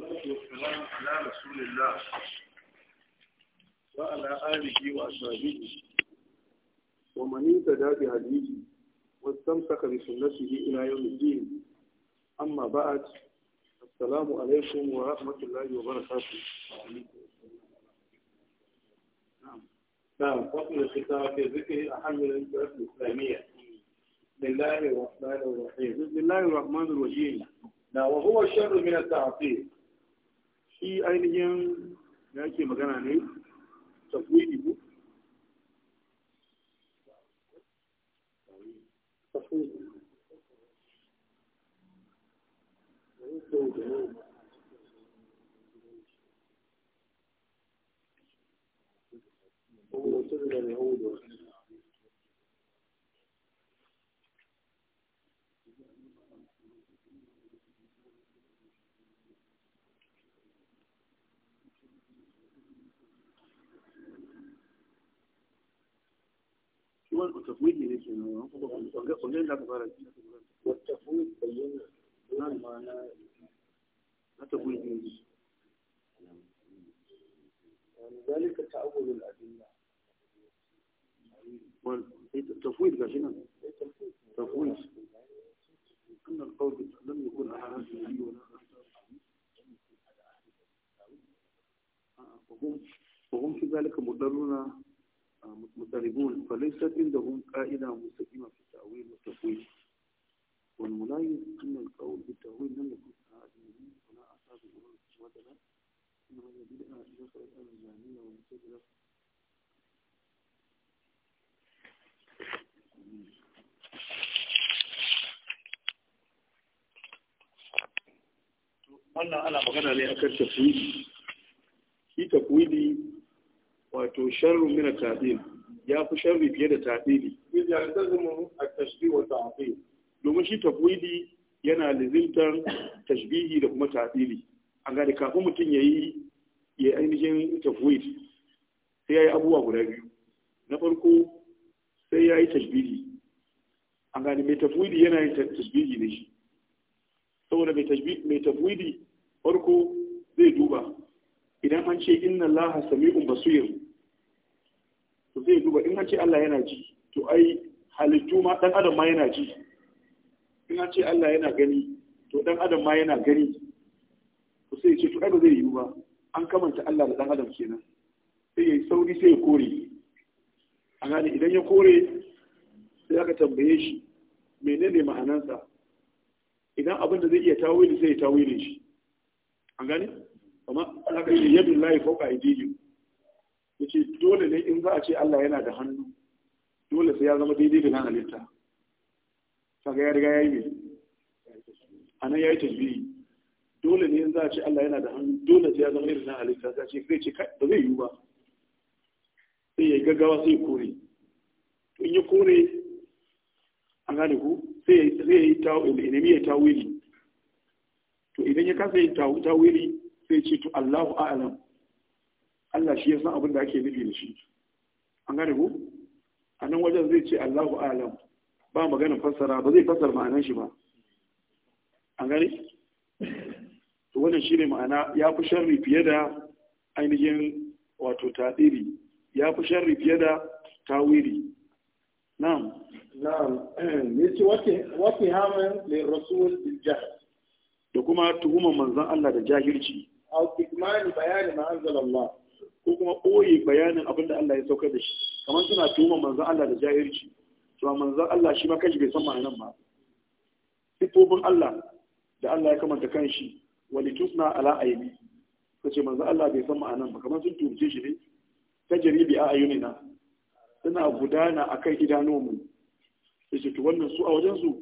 salatu wa salamu ala rasulillah wa ala alihi wa ashabihi wa man yattabi'a bi hadihi wa istamsaka bi sunnatihi ila yawm al-din amma ba'd assalamu alaykum wa rahmatullahi wa barakatuh Naam, kwatu da suka wake zikiri a hannun ƙarfi islamiyya. Lillahi wa rahmanir rahim. Lillahi wa rahmanir rahim. Na wa huwa sharru min at-ta'fif. shi ainihin da ake magana ne tafwidi ku Thank you. والتفويض من اسمه قلنا لك فارس والتفويض بينا دون معنى التفويض من ذلك تأول الأدلة والتفويض قاشنا تفويض أن القول لم يكن على هذا النبي ولا وهم وهم في ذلك مضرون مضطربون فليست عندهم قاعدة مستقيمة في التأويل والتفويض والملاحظ أن القول بالتأويل لم يكن أحد منهم ولا أصحاب الأمم ودلا إنما البدعة دخلت على الجاهلية والمسجد أنا انا magana ne akan tafwidi في tafwidi wato sharru mina ta'dil ya fi sharri fiye da ta'dili idza tazimu a tashbih wa domin shi tafwidi yana lizimtar tashbihi da kuma ta'dili an gane kafin mutum yayi ya ainihin tafwid sai yayi abubuwa guda biyu na farko sai yayi tashbihi an gane mai tafwidi yana yin tashbihi ne shi saboda mai tafwidi farko zai duba idan an ce inna allaha sami'un basir to zai duba in ce Allah yana ji to ai halittu ma dan adam ma yana ji in ce Allah yana gani to dan adam ma yana gani to sai ce to ai ba zai yi ba an kamanta Allah da dan adam kenan sai ya sauri sai ya kore a gani idan ya kore sai aka tambaye shi menene ma'anansa idan abin da zai iya tawili sai ya tawile shi an gane amma aka yi yadda layi fauka a idiyu yake dole ne in za a ce Allah yana da hannu dole sai ya zama daidai da nan halitta kaga ya riga ya yi mai a nan ya yi tasbihi dole ne in za a ce Allah yana da hannu dole sai ya zama irin nan halitta za a ce zai ce ba zai yiwu ba sai ya yi gaggawa sai ya kore in ya kore an gane ku sai ya yi ne ya tawili to idan ya kasa yin tawili sai ce to Allahu a'lam Allah shi ya san abin da ake nufi da shi an gane ku a nan wajen zai ce Allahu alam ba maganin fassara ba zai fassara ma'anan shi ba an gane to wannan ne ma'ana ya fi sharri fiye da ainihin wato tadiri ya fi sharri fiye da tawiri na'am na'am ce wake wake haman le rasul bil jahl da kuma tuhumar manzon Allah da jahilci au ikmani bayani ma Allah ko kuma ɓoye bayanin abin da Allah ya saukar da shi kamar suna tuhumar manzon Allah da jahilci to manzon Allah shi ma kanshi bai san ma'anan ba sifofin Allah da Allah ya kamanta kanshi wali tusna ala ayni kace manzon Allah bai san ma'anan ba kamar sun tuhumce shi ne jaribi a ayunina suna gudana akan idanunmu sai to wannan su a wajensu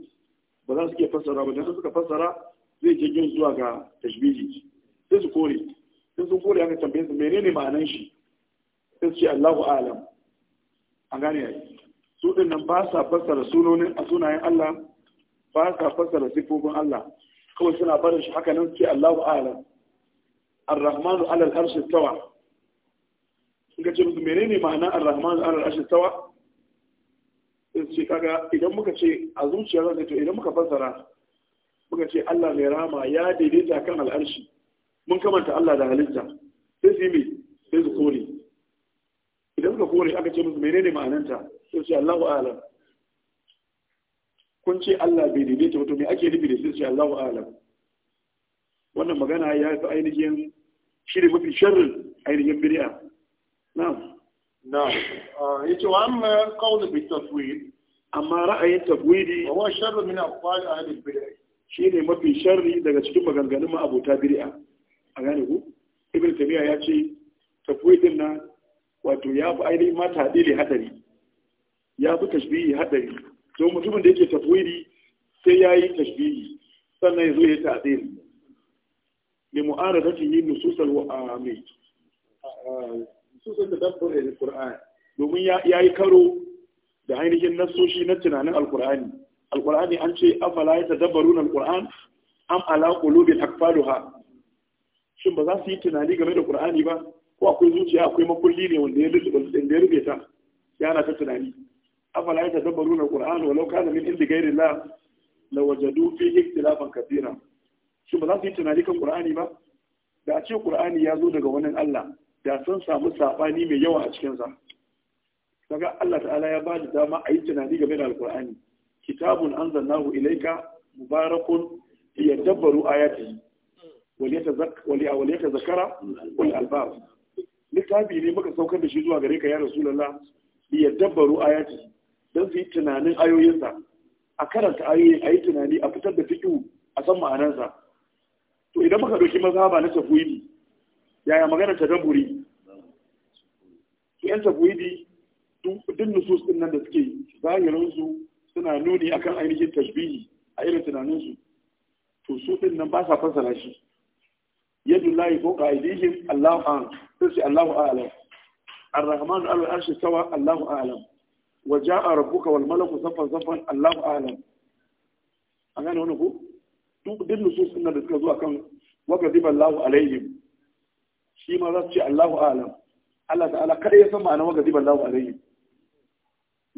ba za su iya fassara ba dan suka fassara zai je zuwa ga tashbihi sai su kore sai sun kore aka tambaye su menene ma'anan shi sai su ce Allahu alam a gane yayi su din nan ba sa fassara sunonin a sunayen Allah ba sa fassara sifofin Allah kawai suna barin shi haka nan su ce Allahu alam Ar-Rahmanu alal arshi tawa in ka ce musu menene ma'anan Ar-Rahmanu alal arshi tawa sai su ce kaga idan muka ce a zuciyar zan to idan muka fassara muka ce Allah mai rama ya daidaita kan al'arshi mun kamanta Allah da halitta sai su yi mai sai su kore idan ka kore aka ce musu menene ma'ananta sai su Allahu a'lam kun ce Allah bai daidaita wato me ake nufi da sai su Allahu a'lam wannan magana ya fi ainihin shi ne mafi sharrin ainihin biriya. na'am na'am ah, yace wa amma qawl bi tafwid amma ra'ayin tafwidi wa sharru min aqwal ahli bid'ah shi ne mafi sharri daga cikin maganganun ma abota bid'a a gane ku ibn tabiya ya ce tafwid din nan wato ya fi ainihin mata dili hadari ya fi tashbihi hadari to mutumin da yake tafwidi sai ya yi tashbihi sannan ya zo ya ta'dil li min nusus al-wa'ami nusus al-tadabbur al-qur'an domin ya yi karo da ainihin nasoshi na tunanin al-qur'ani al-qur'ani an ce afala ya tadabbaruna al-qur'an am ala qulubi akfaluha shin ba za su yi tunani game da Qur'ani ba ko akwai zuciya akwai makulli ne wanda ya lulluɓe ta yana ta tunani afala ya tadabbaru na Qur'ani walau kana min inda ghairi la la wajadu fi ikhtilafan kathira shin ba za su yi tunani kan Qur'ani ba da a ce Qur'ani ya zo daga wannan Allah da sun samu sabani mai yawa a cikin sa kaga Allah ta'ala ya ba da dama a yi tunani game da al kitabun anzalnahu ilayka mubarakun liyadabbaru ayatihi wal zakara wal albab littafi ne muka saukar da shi zuwa gare ka ya rasulullah dan su yi tunanin ayoyinsa a karanta ayoyin ayi tunani a fitar da fiqh a san sa. to idan muka doki mazhaba na tafwidi yaya magana ta to yan tafwidi duk nusus din nan da suke zahirin su suna nuni akan ainihin tashbihi a irin tunaninsu to su din nan ba sa fassara shi yadu layi ko qaidihim Allahu an sai Allahu a'lam ar-rahman al-arsh tawa Allahu a'lam wa ja'a rabbuka wal malaku safan safan Allahu a'lam an gane wani ku? duk din nusus din da suka zo akan wa gadiba Allahu alaihim shi ma za su ce Allahu a'lam Allah ta'ala kada ya san ma'anar wa gadiba Allahu alaihim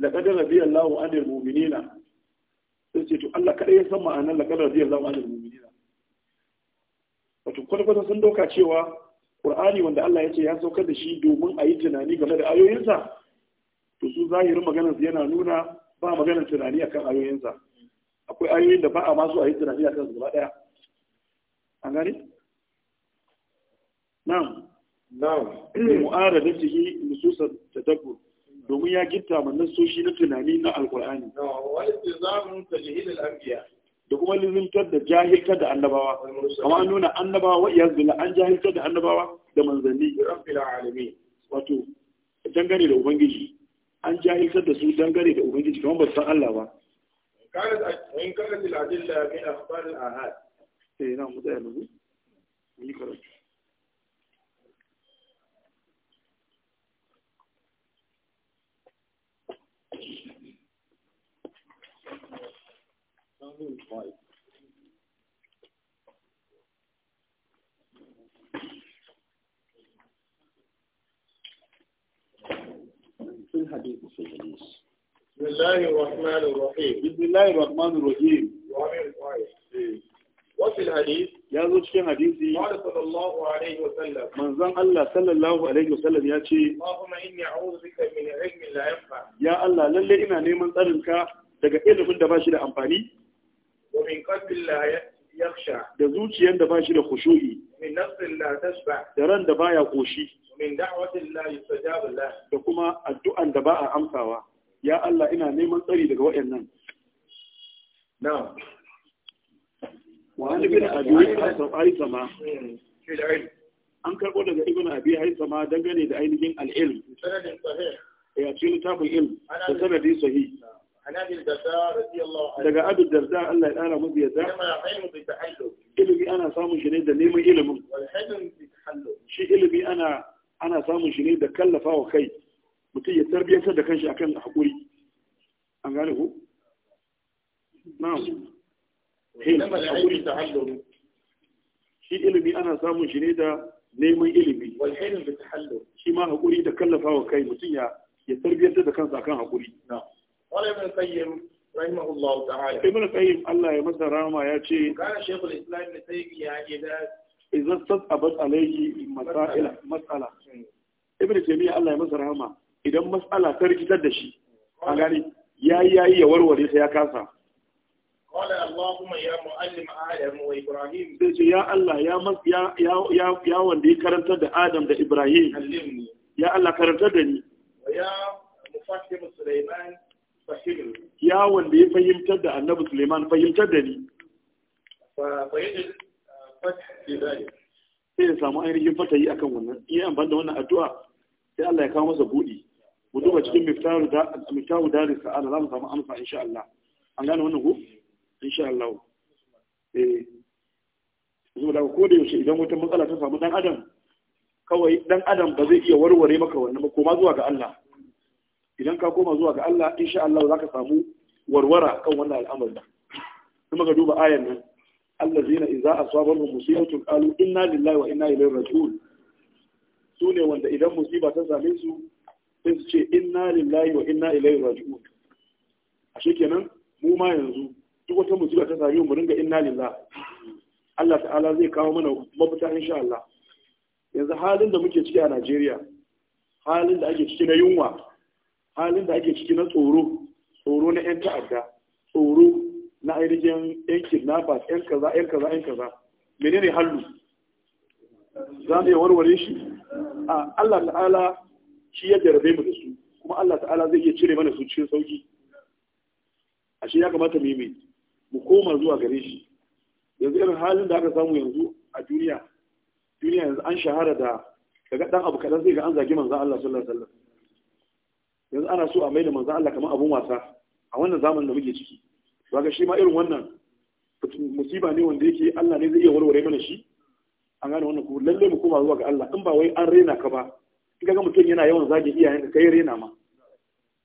laqad radiya Allahu 'anil mu'minina sai ce to Allah kada ya san ma'anar laqad radiya Allahu 'anil mu'minina wato kwata-kwata sun doka cewa ƙur'ani wanda Allah ya ce ya saukar da shi domin a yi tunani game da ayoyinsa to su zahirin maganar yana nuna ba maganar tunani akan ayoyinsa akwai ayoyin da ba a masu a yi tunani akan su gaba ɗaya an gani? na'am na'am da mu'ara da jihi ta tadabbur domin ya gitta ma nasoshi na tunani na alƙur'ani na'am wani tsamun tajihilil anbiya da kuma lizintar da jahiltar da annabawa amma nuna annabawa wa iya zula an jahiltar da annabawa da manzanni rabbil alamai. wato dangane da ubangiji an jahiltar da su dangane da ubangiji kamar ba san Allah ba kanat in kanat min akhbar al ahad sai eh, na mutaya ne ni karatu Hmm. Right. Bismillahirrahmanirrahim. Wa Ya zo cikin alaihi wa sallam. Manzon Allah sallallahu alaihi wa sallam ya ce: Ya Allah, lallai ina neman tsaninka daga ilimin da ba shi da amfani. ومن قلب لا يخشى da zuciyar da ba shi da khushu'i min da ran da baya koshi da kuma addu'an da ba a amsawa ya Allah ina neman tsari daga wayannan na'am an ibn abi hmm. an karbo daga ibn abi haisama dangane da ainihin al ya ce littafin ilm da sanadin sahih عن أبي الدرداء رضي الله عنه لقى أبي الدرداء الله الآن أمو بيتا لما يحلم بتحلم إلي بي أنا صام جنيدة ليما إلم والحلم بتحلم شيء إلي بي أنا أنا صام جنيدة كلفا وخي متي التربية سادة كان شيء أكن حقولي أم قاله نعم حلم حقولي تحلم شيء إلي بي أنا صام جنيدة ليما إلم والحلم بتحلم شيء ما حقولي تكلفا وخي متي التربية سادة كان شيء أكن حقولي نعم Wani ibn Qayyim rahimahullahu ta'ala. Ibn Qayyim Allah ya masa ya ce kana Sheikhul Islam Ibn Taymiyyah idan idan tasabat alayhi masaila mas'ala. Ibn Taymiyyah Allah ya masa idan mas'ala ta rikitar da shi a gani yayi yayi ya warware ta ya kasa. Wala Allahumma ya mu'allim Adam wa Ibrahim. Sai ce ya Allah ya ya wanda ya karantar da Adam da Ibrahim. Ya Allah karantar da ni. Ya mufassir Sulaiman ya wanda ya fahimtar da annabi Suleiman fahimtar da ni ah, sai ya samu ainihin fatayi akan wannan iya amfani da wannan addu'a sai Allah ya kawo masa buɗi mu duba cikin miftahu da darin sa'ala za mu samu amsa insha Allah an gane wannan ko insha Allah eh zuwa da ko da yaushe idan wata matsala ta samu dan adam kawai dan adam ba zai iya warware maka wannan ba kuma zuwa ga Allah idan ka koma zuwa ga Allah insha Allah za ka samu warwara kan wannan al'amari kuma ka duba ayan nan allazina idza asabahum musibatun qalu inna lillahi wa inna ilaihi raji'un Sune wanda idan musiba ta same su sai su ce inna lillahi wa inna ilaihi raji'un a kenan mu ma yanzu duk wata musiba ta same mu ringa inna lillahi Allah ta'ala zai kawo mana mafita insha Allah yanzu halin da muke ciki a Najeriya halin da ake ciki na yunwa halin da ake ciki na tsoro tsoro na 'yan ta'adda tsoro na ainihin 'yan kidnappers 'yan kaza 'yan kaza 'yan kaza menene hallu za mu iya warware shi a Allah ta'ala shi ya jarabe mu da su kuma Allah ta'ala zai iya cire mana su cikin sauki ashe ya kamata mu yi mu koma zuwa gare shi yanzu irin halin da aka samu yanzu a duniya duniya yanzu an shahara da daga dan abu kadan zai ga an zagi manzon Allah sallallahu alaihi wasallam yanzu ana so a mai da manzan Allah kamar abun wasa a wannan zamanin da muke ciki to ga shi ma irin wannan musiba ne wanda yake Allah ne zai iya warware mana shi an gane wannan ku lalle mu koma zuwa ga Allah in ba wai an rena ka ba in ga mutum yana yawan zage iyayenka kai rena ma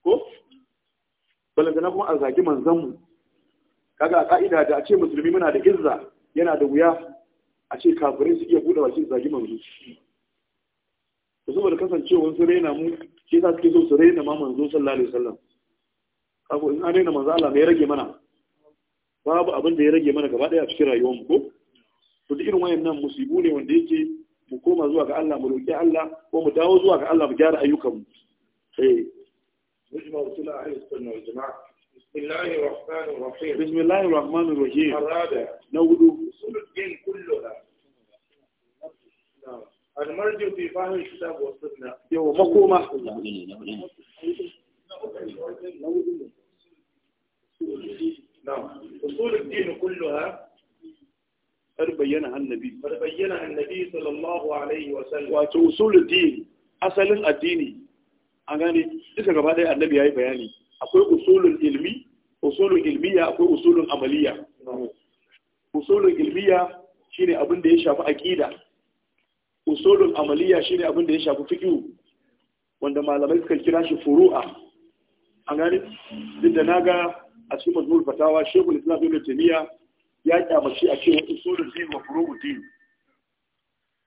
ko balantana kuma a zagi manzan mu kaga a ka'ida da a ce musulmi muna da izza yana da wuya a ce kafirai su iya buɗe bakin zagi manzo to saboda kasancewa su rena mu shi yasa suke so su da ma manzo sallallahu alaihi wasallam kago in an raina manzo Allah me rage mana babu abin da ya rage mana gaba daya a cikin rayuwar mu ko to duk irin wayannan musibu ne wanda yake mu koma zuwa ga Allah mu roki Allah ko mu dawo zuwa ga Allah mu gyara ayyukan mu eh mujma usula ahli sunna wal jamaa بسم الله الرحمن الرحيم بسم الله الرحمن الرحيم الرابع نود اصول الدين كلها المرجع في فهم الكتاب والسنة يو مقومة نعم أصول الدين كلها قد النبي قد النبي صلى الله عليه وسلم وأصول الدين أصل الدين an gane duka gaba ɗaya annabi ya yi bayani akwai usulun ilmi usulun ilmiya akwai usulun amaliya usulun ilmiya shine abin da ya shafi aƙida. usulul amaliya shine abin da ya shafi fiqh wanda malamai suka kira shi furu'a an gani duk da naga a cikin mazmul fatawa shehu islam ibn taymiya ya kyamaci a cewa usulul din wa furu'u din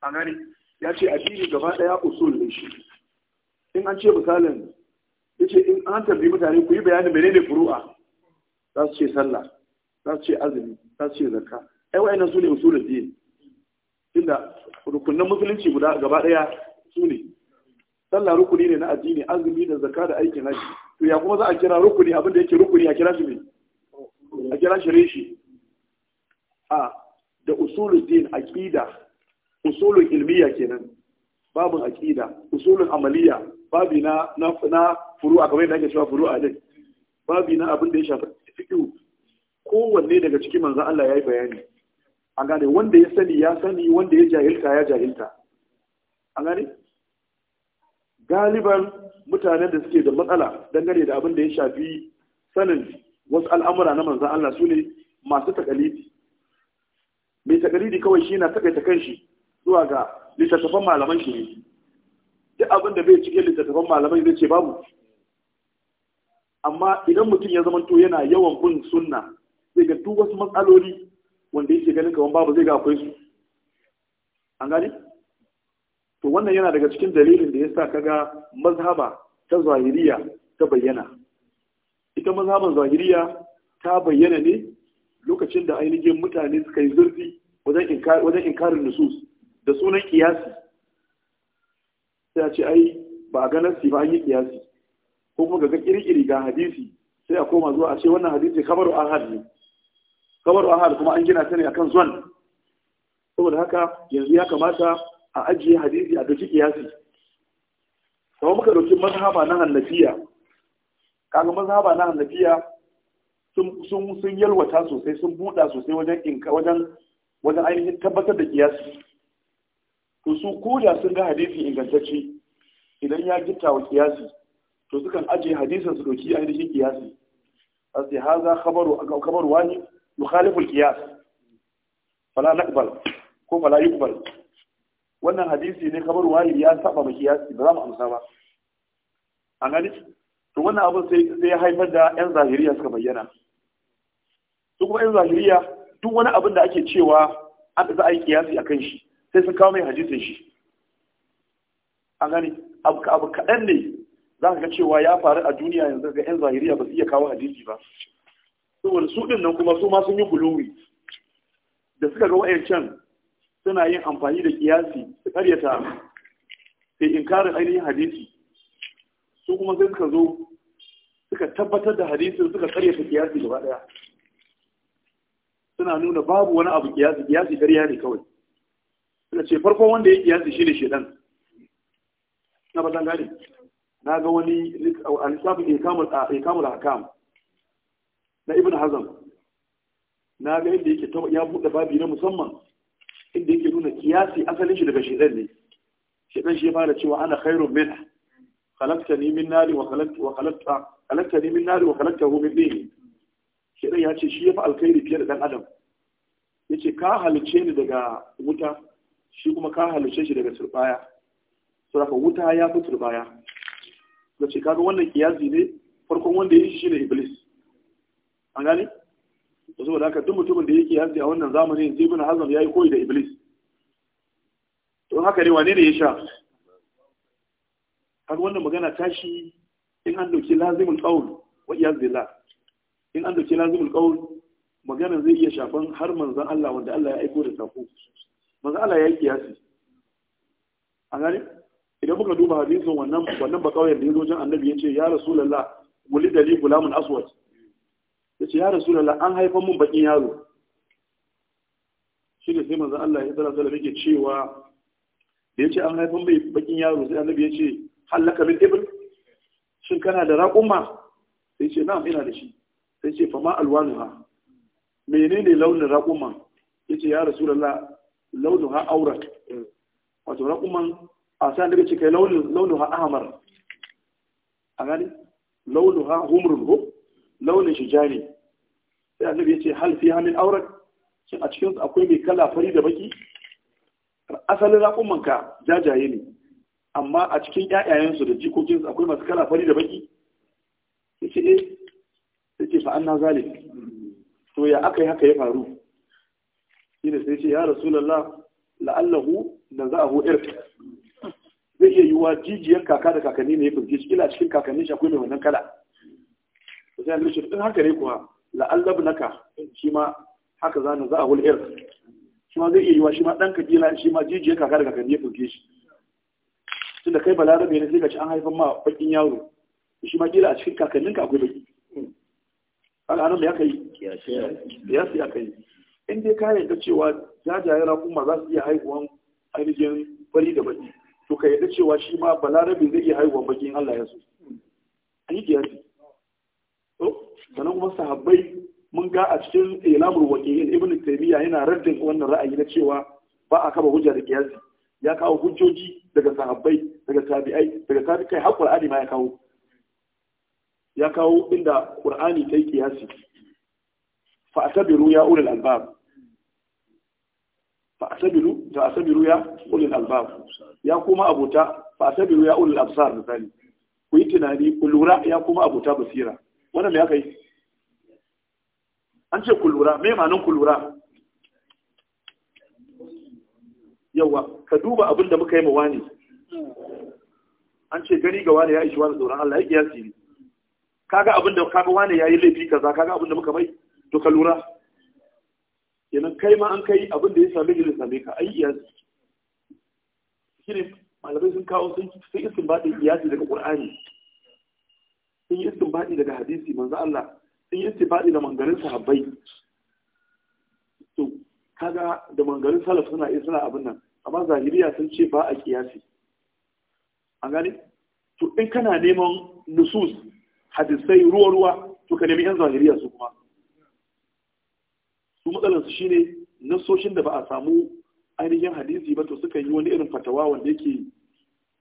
an gani ya ce addini gaba daya usul ne shi in an ce misalin yace in an tambayi mutane ku yi bayanin menene furu'a za su ce sallah za su ce azumi za su ce zakka ai wa'annan su ne usulul din tunda rukunin musulunci guda gaba daya su ne sallah rukuni ne na addini azumi da zakka da aikin haji to ya kuma za a kira rukuni abin da yake rukuni a kira shi ne a kira shi reshi a da usulul din aqida usulul ilmiya kenan babin aqida usulul amaliya babi na na na furu'a kamar yadda ake cewa furu'a din babi na abin da ya shafi fiqh kowanne daga cikin manzon Allah yayi bayani A gane wanda ya sani ya sani wanda ya jahilta ya jahilta a gane galiban mutanen da suke da matsala dangane da abin da ya shafi sanin wasu al'amura na manzan Allah su ne masu takalidi mai takalidi kawai shi na takaita kanshi zuwa ga littattafan malaman shi ne duk abin da bai cikin littattafan malaman zai ce babu amma idan mutum ya zamanto yana yawan bin sunna sai ga duk wasu matsaloli wanda yake ganin kawan babu zai ga akwai su an gani to wannan yana daga cikin dalilin da ya sa kaga mazhaba ta zahiriya ta bayyana ita mazhaban zahiriya ta bayyana ne lokacin da ainihin mutane suka yi zurfi wajen inkarin nusus da sunan kiyasi sai a ce ai ba a nasi ba an yi kiyasi ko kuma ga kirkiri ga hadisi sai a koma zuwa a ce wannan hadisi kamar ahad ne kawar ahad kuma an gina ta ne akan zon saboda haka yanzu ya kamata a ajiye hadisi a gaji kiyasi kuma muka dauki mazhaba na hannafiya kaga mazhaba na hannafiya sun sun sun yalwata sosai sun buɗa sosai wajen inka wajen wajen ainihin tabbatar da kiyasi to su koda sun ga hadisi ingantacce idan ya gittawa wa kiyasi to sukan ajiye hadisin su dauki ainihin kiyasi sai haza khabaru khabaru wani يخالف القياس fala نقبل ko فلا يقبل wannan hadisi ne kamar wani ya saba mu kiyasi ba za mu amsa ba A gani to wannan abu sai ya haifar da yan zahiriya suka bayyana su kuma yan zahiriya duk wani abin da ake cewa an za a yi kiyasi a kan shi sai sun kawo mai hadisin shi an gani abu kaɗan ne za ka ga cewa ya faru a duniya yanzu ga yan zahiriya ba su iya kawo hadisi ba saboda su ɗin nan kuma su ma sun yi guluwi da suka ga wa'ancan suna yin amfani da kiyasi su karyata da inkarin ainihin hadisi su kuma sai suka zo suka tabbatar da hadisin suka karyata kiyasi gaba ɗaya suna nuna babu wani abu kiyasi kiyasi karya ne kawai suka ce farkon wanda ya kiyasi shi ne shedan na ba na ga wani a lissafin a hakam na ibn hazam na ga inda yake ya buɗe babi na musamman inda yake nuna kiyasi asalin shi daga shedan ne shedan shi ya fara cewa ana khairun min khalaqtani min nari wa khalaqta wa khalaqta khalaqtani min nari wa khalaqtahu min tin shedan ya ce shi ya fi alkhairi fiye da dan adam yace ka halice ni daga wuta shi kuma ka halice shi daga turbaya saboda wuta ya fi turbaya yace kaga wannan kiyasi ne farkon wanda ya yi shi ne iblis an gane to saboda haka duk mutumin da yake yanzu a wannan zamani yanzu ibn hazm yayi koyi da iblis to haka ne wane ne ya sha kaga wannan magana tashi in an dauki lazimul qaul wa iyaz billah in an dauki lazimul qaul magana zai iya shafan har manzon Allah wanda Allah ya aiko da sako manzon Allah ya yi kiyasi a gane idan muka duba hadisin wannan wannan ba kauyen da yazo jin annabi yace ya rasulullah wuli li gulamun aswad ce ya rasu lalla an haifan mun bakin yaro shi ne sai manzan Allah ya tsara salama yake cewa da ya ce an haifan mai bakin yaro sai annabi ya ce hallaka min ibil shin kana da raƙuma sai ce na'am ina da shi sai ce fama alwanuha menene launin raƙuma ya ce ya rasu lalla launuha aura wato raƙuman a sa daga ce kai launuha ahmar a gani launuha humrun ko launin shi jani sai annabi ya ce hal fi hamin auren shin a cikin akwai mai kala fari da baki asalin raƙuman ka jajaye ne amma a cikin ƴaƴayensu da jikokinsu akwai masu kala fari da baki yace eh yace fa anna zalim to ya akai haka ya faru shine sai yace ya rasulullah la'allahu naza'ahu irq zai iya yiwuwa jijiyar kaka da kakanni ne ya furge shi ila cikin kakannin shi akwai mai wannan kala sai an shi in haka ne kuwa la'allab naka shi ma haka zanu za a hul'ir shi ma zai iya yiwa shi ma ɗan jina shi ma jijiyar kaka da kakanni ya ɗauke shi tun da kai balarabe ne sai ka ci an haifan ma bakin yaro shi ma kila a cikin kakannin ka, akwai baki kaga anan ya kai ya sai aka yi in dai ka yarda cewa jajayen rakuma za su iya haihuwan ainihin fari da baki to ka yarda cewa shi ma balarabe zai iya haihuwan baki in Allah ya so an yi kiyasi sannan kuma sahabbai mun ga a cikin ilamul waqi'in ibnu taymiya yana raddin wannan ra'ayi na cewa ba a kaba hujja da kiyasi ya kawo hujjoji daga sahabbai daga tabi'ai daga tabi'ai har qur'ani ma ya kawo ya kawo inda qur'ani kai kiyasi fa asabiru ya ulul albab fa asabiru ta asabiru ya ulul albab ya kuma abota fa asabiru ya ulul absar misali ku yi tunani ku lura ya kuma abota basira wannan ya aka yi an ce kulura me ma'anin kulura yawa ka duba abin da muka yi ma wani an ce gani ga wani ya ishi wani tsoron Allah ya kiyasi siri kaga abin da kaga wani ya yi laifi kaza kaga abin da muka mai to ka lura kenan kai ma an kai abin da ya same ka same ka ai shi ne malamai sun kawo sun sun istinbadin iyasi daga ƙur'ani. in yi istinbadi daga hadisi manzo Allah in yi istinbadi da mangarin sahabbai to kaga da mangarin salaf suna iya suna abin nan amma zahiriya sun ce ba a kiyasi an gani to in kana neman nusus hadisai ruwa ruwa to ka nemi yan zahiriya su kuma su matsalar su shine nasoshin da ba a samu ainihin hadisi ba to suka yi wani irin fatawa wanda yake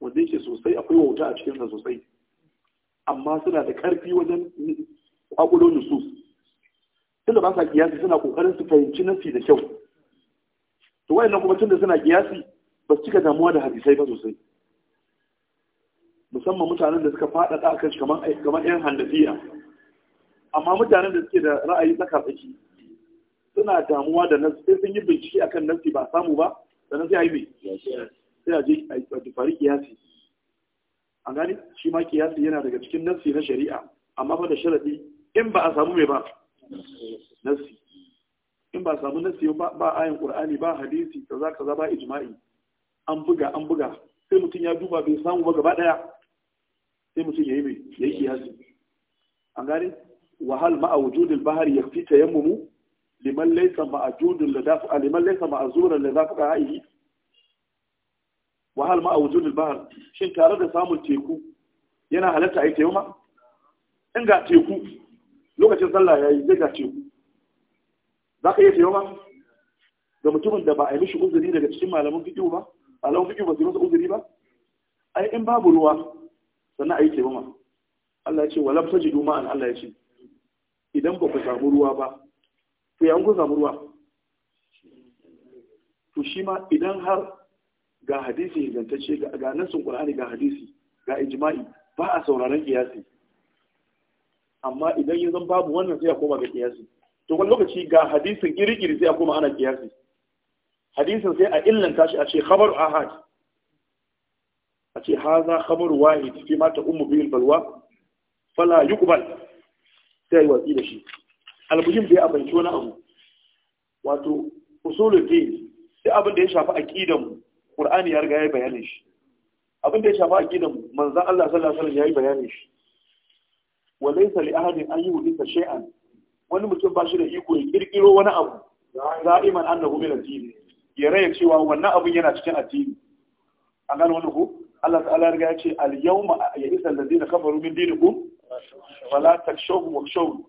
wanda yake sosai akwai wauta a cikin sosai amma suna da ƙarfi wajen kwakulo nusus tunda ba sa kiyasi suna ƙoƙarin su fahimci nasi da kyau to wayannan kuma tunda suna kiyasi ba su cika damuwa da hadisai ba sosai musamman mutanen da suka faɗaɗa kan shi kamar yan handafiya amma mutanen da suke da ra'ayi tsaka tsaki suna damuwa da nan sai sun yi bincike akan nan ba samu ba sannan sai a yi mai sai a je a tafari kiyasi an gani shi ma kiyasi yana daga cikin nassi na shari'a amma fa da sharadi in ba a samu mai ba nassi in ba a samu nassi ba ba ayin qur'ani ba hadisi kaza kaza ba ijma'i an buga an buga sai mutum ya duba bai samu ba gaba daya sai mutum ya yi mai ya yi kiyasi an gani wahal ma'a wujudul bahari yakfi tayammumu liman laysa ma'a judun la liman laysa ma'a zura ladafu dafa ra'ihi wahal ma a wujudul bahr shin tare da samun teku yana halatta ai taimama in ga teku lokacin sallah yayi zai ga teku za ka iya taimama mutumin da ba a yi mishi uzuri daga cikin malamin fiqh ba malamin fiqh ba su masa uzuri ba ai in babu ruwa sannan a yi taimama Allah ya ce walam tajidu ma'an Allah ya ce idan ba ku samu ruwa ba to ya ku samu ruwa to shi ma idan har ga hadisi ingantacce ga nasin qur'ani ga hadisi ga ijma'i ba a sauraron kiyasi amma idan ya zan babu wannan sai a koma ga kiyasi to wani lokaci ga hadisin kirikiri sai a koma ana kiyasi hadisin sai a illanta shi a ce khabaru ahad a ce haza khabaru wahid fi ma ta ummu bil balwa fala yuqbal sai watsi da shi almuhim bai abinci wani abu wato usulul din sai abin da ya shafi aqidan mu Qur'ani ya riga ya bayanin shi abin da ya shafa aqidan manzon Allah sallallahu alaihi wasallam ya yi bayanin shi wa laysa li ahadin an yuhdisa shay'an wani mutum ba shi da iko ya kirkiro wani abu za'iman annahu min al din ya raya cewa wannan abun yana cikin addini an gano wannan ko Allah ta'ala ya riga ya ce al-yawma ya'isa alladhina kafaru min dinikum fala takshawhum wakshawhum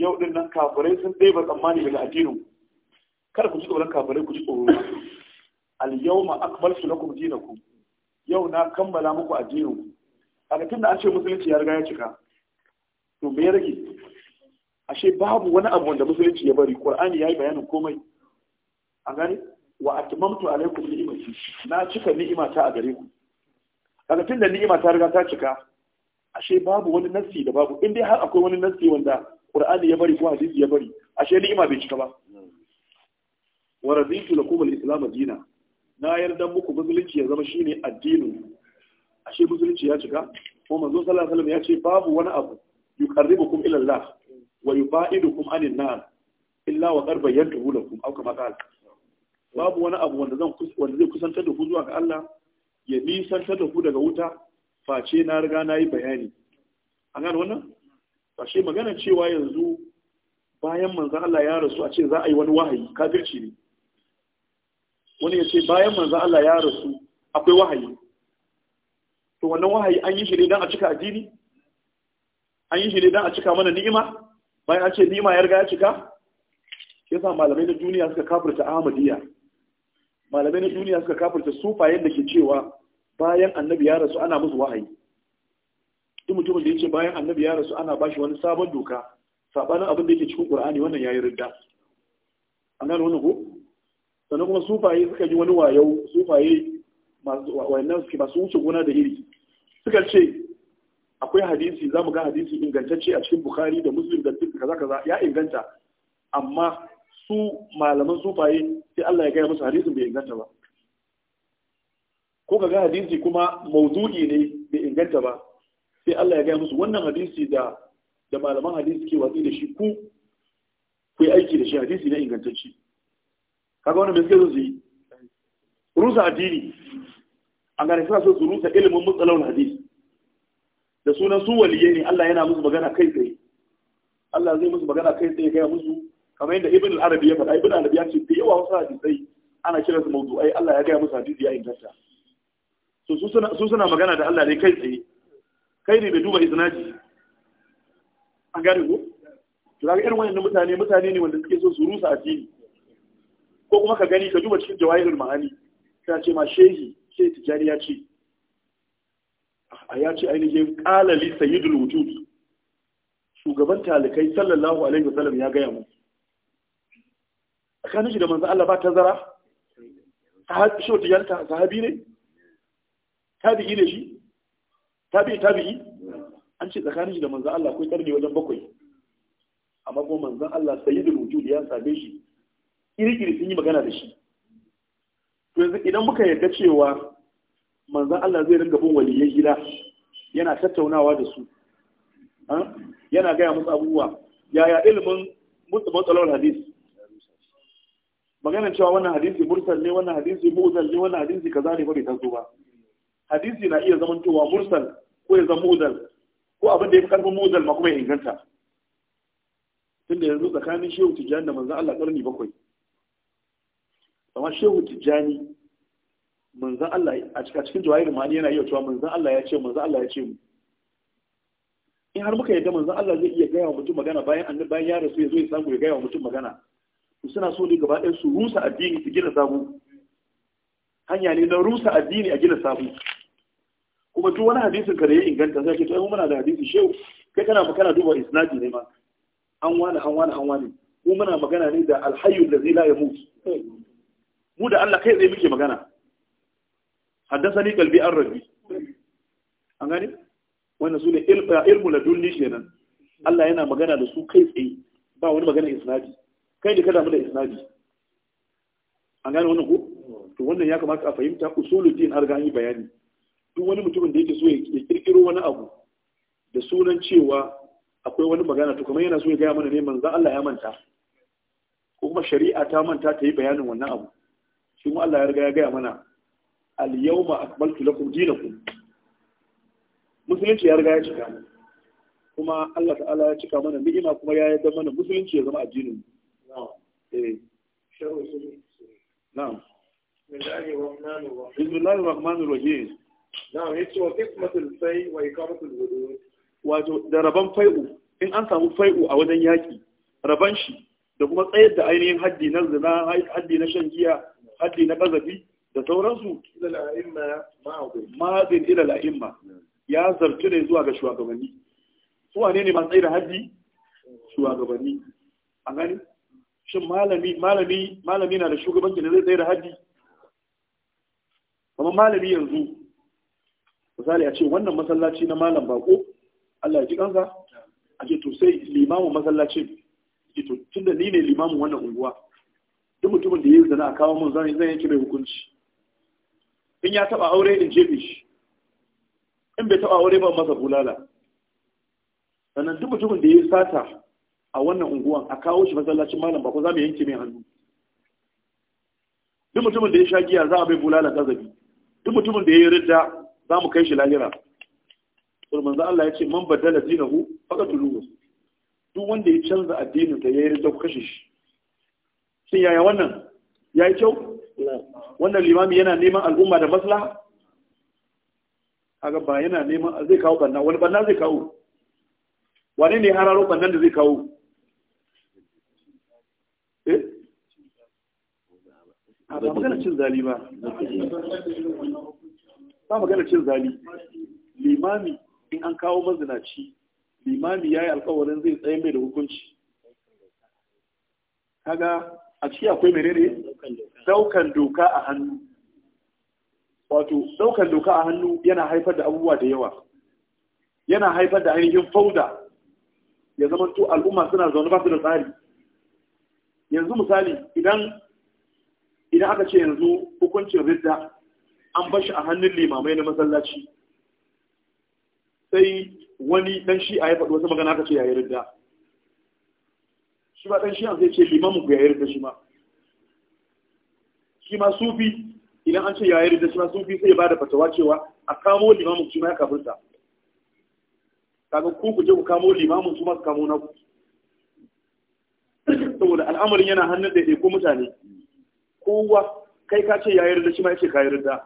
yau din nan kafirai sun ɗeba tsammani daga addinin kada ku ji tsoron kafirai ku ji tsoro al-yawma akmaltu lakum dinakum yau na kammala muku addinin ku a tunda an ce musulunci ya riga ya cika to me ya rage ashe babu wani abu wanda musulunci ya bari qur'ani yayi bayanin komai A gani? wa atmamtu alaikum ni'mati na cika ni'ima ta a gare ku daga tunda ni'ima ta riga ta cika ashe babu wani nassi da babu in dai har akwai wani nassi wanda qur'ani ya bari ko hadisi ya bari ashe ni'ima bai cika ba wa raditu lakum al-islam dinan na yarda muku musulunci ya zama shine addinin ashe musulunci ya cika ko manzo sallallahu alaihi wasallam ya ce babu wani abu yuqarribukum ila Allah wa yubaidukum anin nar illa wa qad bayyantuhu lakum aw kama qala babu wani abu wanda zan wanda zai kusantar da ku zuwa ga Allah ya nisantar da ku daga wuta face na riga na yi bayani an gane wannan ashe magana cewa yanzu bayan manzo Allah ya rasu a ce za a yi wani wahayi kafirci ne wani ya ce bayan manzan Allah ya rasu akwai wahayi to wannan wahayi an yi shi ne don a cika addini an yi shi ne don a cika mana ni'ima bayan an ce ni'ima ya riga ya cika ya yasa malamai na duniya suka kafirta ahmadiyya malamai na duniya suka kafirta sufayen da ke cewa bayan annabi ya rasu ana musu wahayi duk mutumin da ya ce bayan annabi ya rasu ana bashi wani sabon doka saɓanin abin da yake cikin ƙur'ani wannan ya yi ridda an gane wani ko sannan kuma sufaye suka ji wani wayo sufaye wayannan suke masu wuce gona da iri suka ce akwai hadisi za mu ga hadisi ingantacce a cikin bukhari da muslim da duk kaza kaza ya inganta amma su malaman sufaye sai Allah ya gaya musu hadisin bai inganta ba ko ka ga hadisi kuma mawdu'i ne bai inganta ba sai Allah ya gaya musu wannan hadisi da da malaman hadisi ke watsi da shi ku ku yi aiki da shi hadisi na ingantacce kaga wani mai sai su yi rusa addini an gane suna so su rusa ilimin matsalar hadis da sunan su waliye ne Allah yana musu magana kai tsaye Allah zai musu magana kai tsaye gaya musu kamar yadda ibn al-arabi ya faɗa ibn al-arabi ya ce da yawa wasu hadisai ana kira su ai Allah ya gaya musu hadisi ya inganta so su suna magana da Allah ne kai tsaye kai ne da duba isnadi an gane ko to kaga irin wannan mutane mutane ne wanda suke so su rusa addini ko kuma ka gani ka duba cikin jawahirul ma'ani ta ce ma shehi sai tijari ya ce a ah, ya ce ainihin kalali sayyidul wujud shugaban talikai sallallahu alaihi wasallam ya gaya mu tsakanin shi da manzo Allah ba tazara sahabi shi tijari ta sahabi ne tabi'i ne shi tabi'i tabi'i an ce tsakanin shi da manzo Allah akwai karni wajen bakwai amma kuma manzo Allah sayyidul wujud ya same shi Kirikiri sun yi magana da shi to yanzu idan muka yarda cewa manzan Allah zai ringa bin waliyan gida yana tattaunawa da su yana gaya musu abubuwa yaya ilimin matsalar hadis maganin cewa wannan hadisi mursal ne wannan hadisi mu'zal ne wannan hadisi kaza ne bai taso ba hadisi na iya zaman cewa mursal ko ya zama mu'zal ko abin da ya fi karfin mu'zal ma kuma ya inganta tunda yanzu tsakanin shehu tijjani da manzan Allah karni bakwai kamar shehu tijjani manzan Allah a cikin jawahir ma'ani yana yi cewa manzan Allah ya ce manzan Allah ya ce mu in har muka yadda manzan Allah zai iya gaya wa mutum magana bayan annabi bayan ya rasu ya zo ya samu ya gaya wa mutum magana to suna so ne gaba ɗaya su rusa addini su gina sabo hanya ne na rusa addini a gina sabo kuma duk wani hadisin ka da ya inganta sai ke to muna da hadisi shehu kai kana kana duba isnadi ne ma an wani an wani an wani mu muna magana ne da alhayyul ladzi la yamut mu da Allah kai zai muke magana haddasani kalbi an rabi an gani wannan su ne eh, ilmu ladunni kenan Allah yana magana da su kai tsaye ba wani magana isnadi kai da kada mu da isnadi an gani wannan ku, to wannan ya kamata a fahimta usuluddin har gani bayani duk wani mutumin da yake so ya kirkiro wani abu da sunan cewa akwai wani magana to kamar yana so ya gaya mana ne manzo Allah ya manta ko kuma shari'a ta manta ta yi bayanin wannan abu shi mu Allah ya riga ya gaya mana al-yawma akmaltu lakum dinakum musulunci ya riga ya cika kuma Allah ta'ala ya cika mana ni'ima kuma ya yarda mana musulunci ya zama addinin eh na'am bismillahir rahmanir rahim na'am yace wa qismatul fai wa iqamatul hudud wato da rabon fai'u in an samu fai'u a wajen yaki raban shi da kuma tsayar da ainihin haddi na zina haddi na shan giya haddi na kazafi da sauransu ma'azin ila la'imma ya zarci ne zuwa ga shugabanni su wane ne masu tsaye da haddi shugabanni a gani shin malami na da shugabanci da zai tsaye da haddi kuma malami yanzu misali a ce wannan masallaci na malam bako Allah ya ji kansa a ce to sai limamu masallacin to tunda ni ne limamu wannan unguwa duk mutumin da ya yi zana a kawo mun zan yanke mai hukunci in ya taba aure in jefe shi in bai taba aure ba masa bulala sannan duk mutumin da ya yi sata a wannan unguwan a kawo shi masallacin malam ba ko za mu yanke mai hannu duk mutumin da ya sha giya za a bai bulala gazabi duk mutumin da ya yi ridda za mu kai shi lahira to manzo Allah ya ce man badala dinahu faqatuluhu duk wanda ya canza addinin da ya yi ridda ku kashe shi sun yaya wannan ya yi kyau wannan limami yana neman al'umma da masla? A ba yana neman zai kawo banna wani banna zai kawo Wani ne hararo bannan da zai kawo eh a ba magana cin zali ba ba cin zali limami in an kawo mazinaci limami ya yi alkawarin zai tsaye mai da hukunci kaga a ciki akwai menene daukan doka a hannu wato daukan doka a hannu yana haifar da abubuwa da yawa yana haifar da ainihin fauda ya zama to al'umma suna zaune ba su da tsari yanzu misali idan idan aka ce yanzu hukuncin ridda an bashi a hannun limamai na masallaci sai wani dan shi a ya faɗi wasu magana aka ce yayi ridda shi ba dan shiyan zai ce limamin ku ya yarda shi ma shi ma sufi idan an ce ya yarda shi ma sufi sai ya bada fatawa cewa a kamo limamin shi ma ya kafirta kaga ku ku je ku kamo limamin su ma su kamo na ku saboda al'amarin yana hannun da ya ko mutane kowa kai ka ce ya yarda shi ma ya ce ka yarda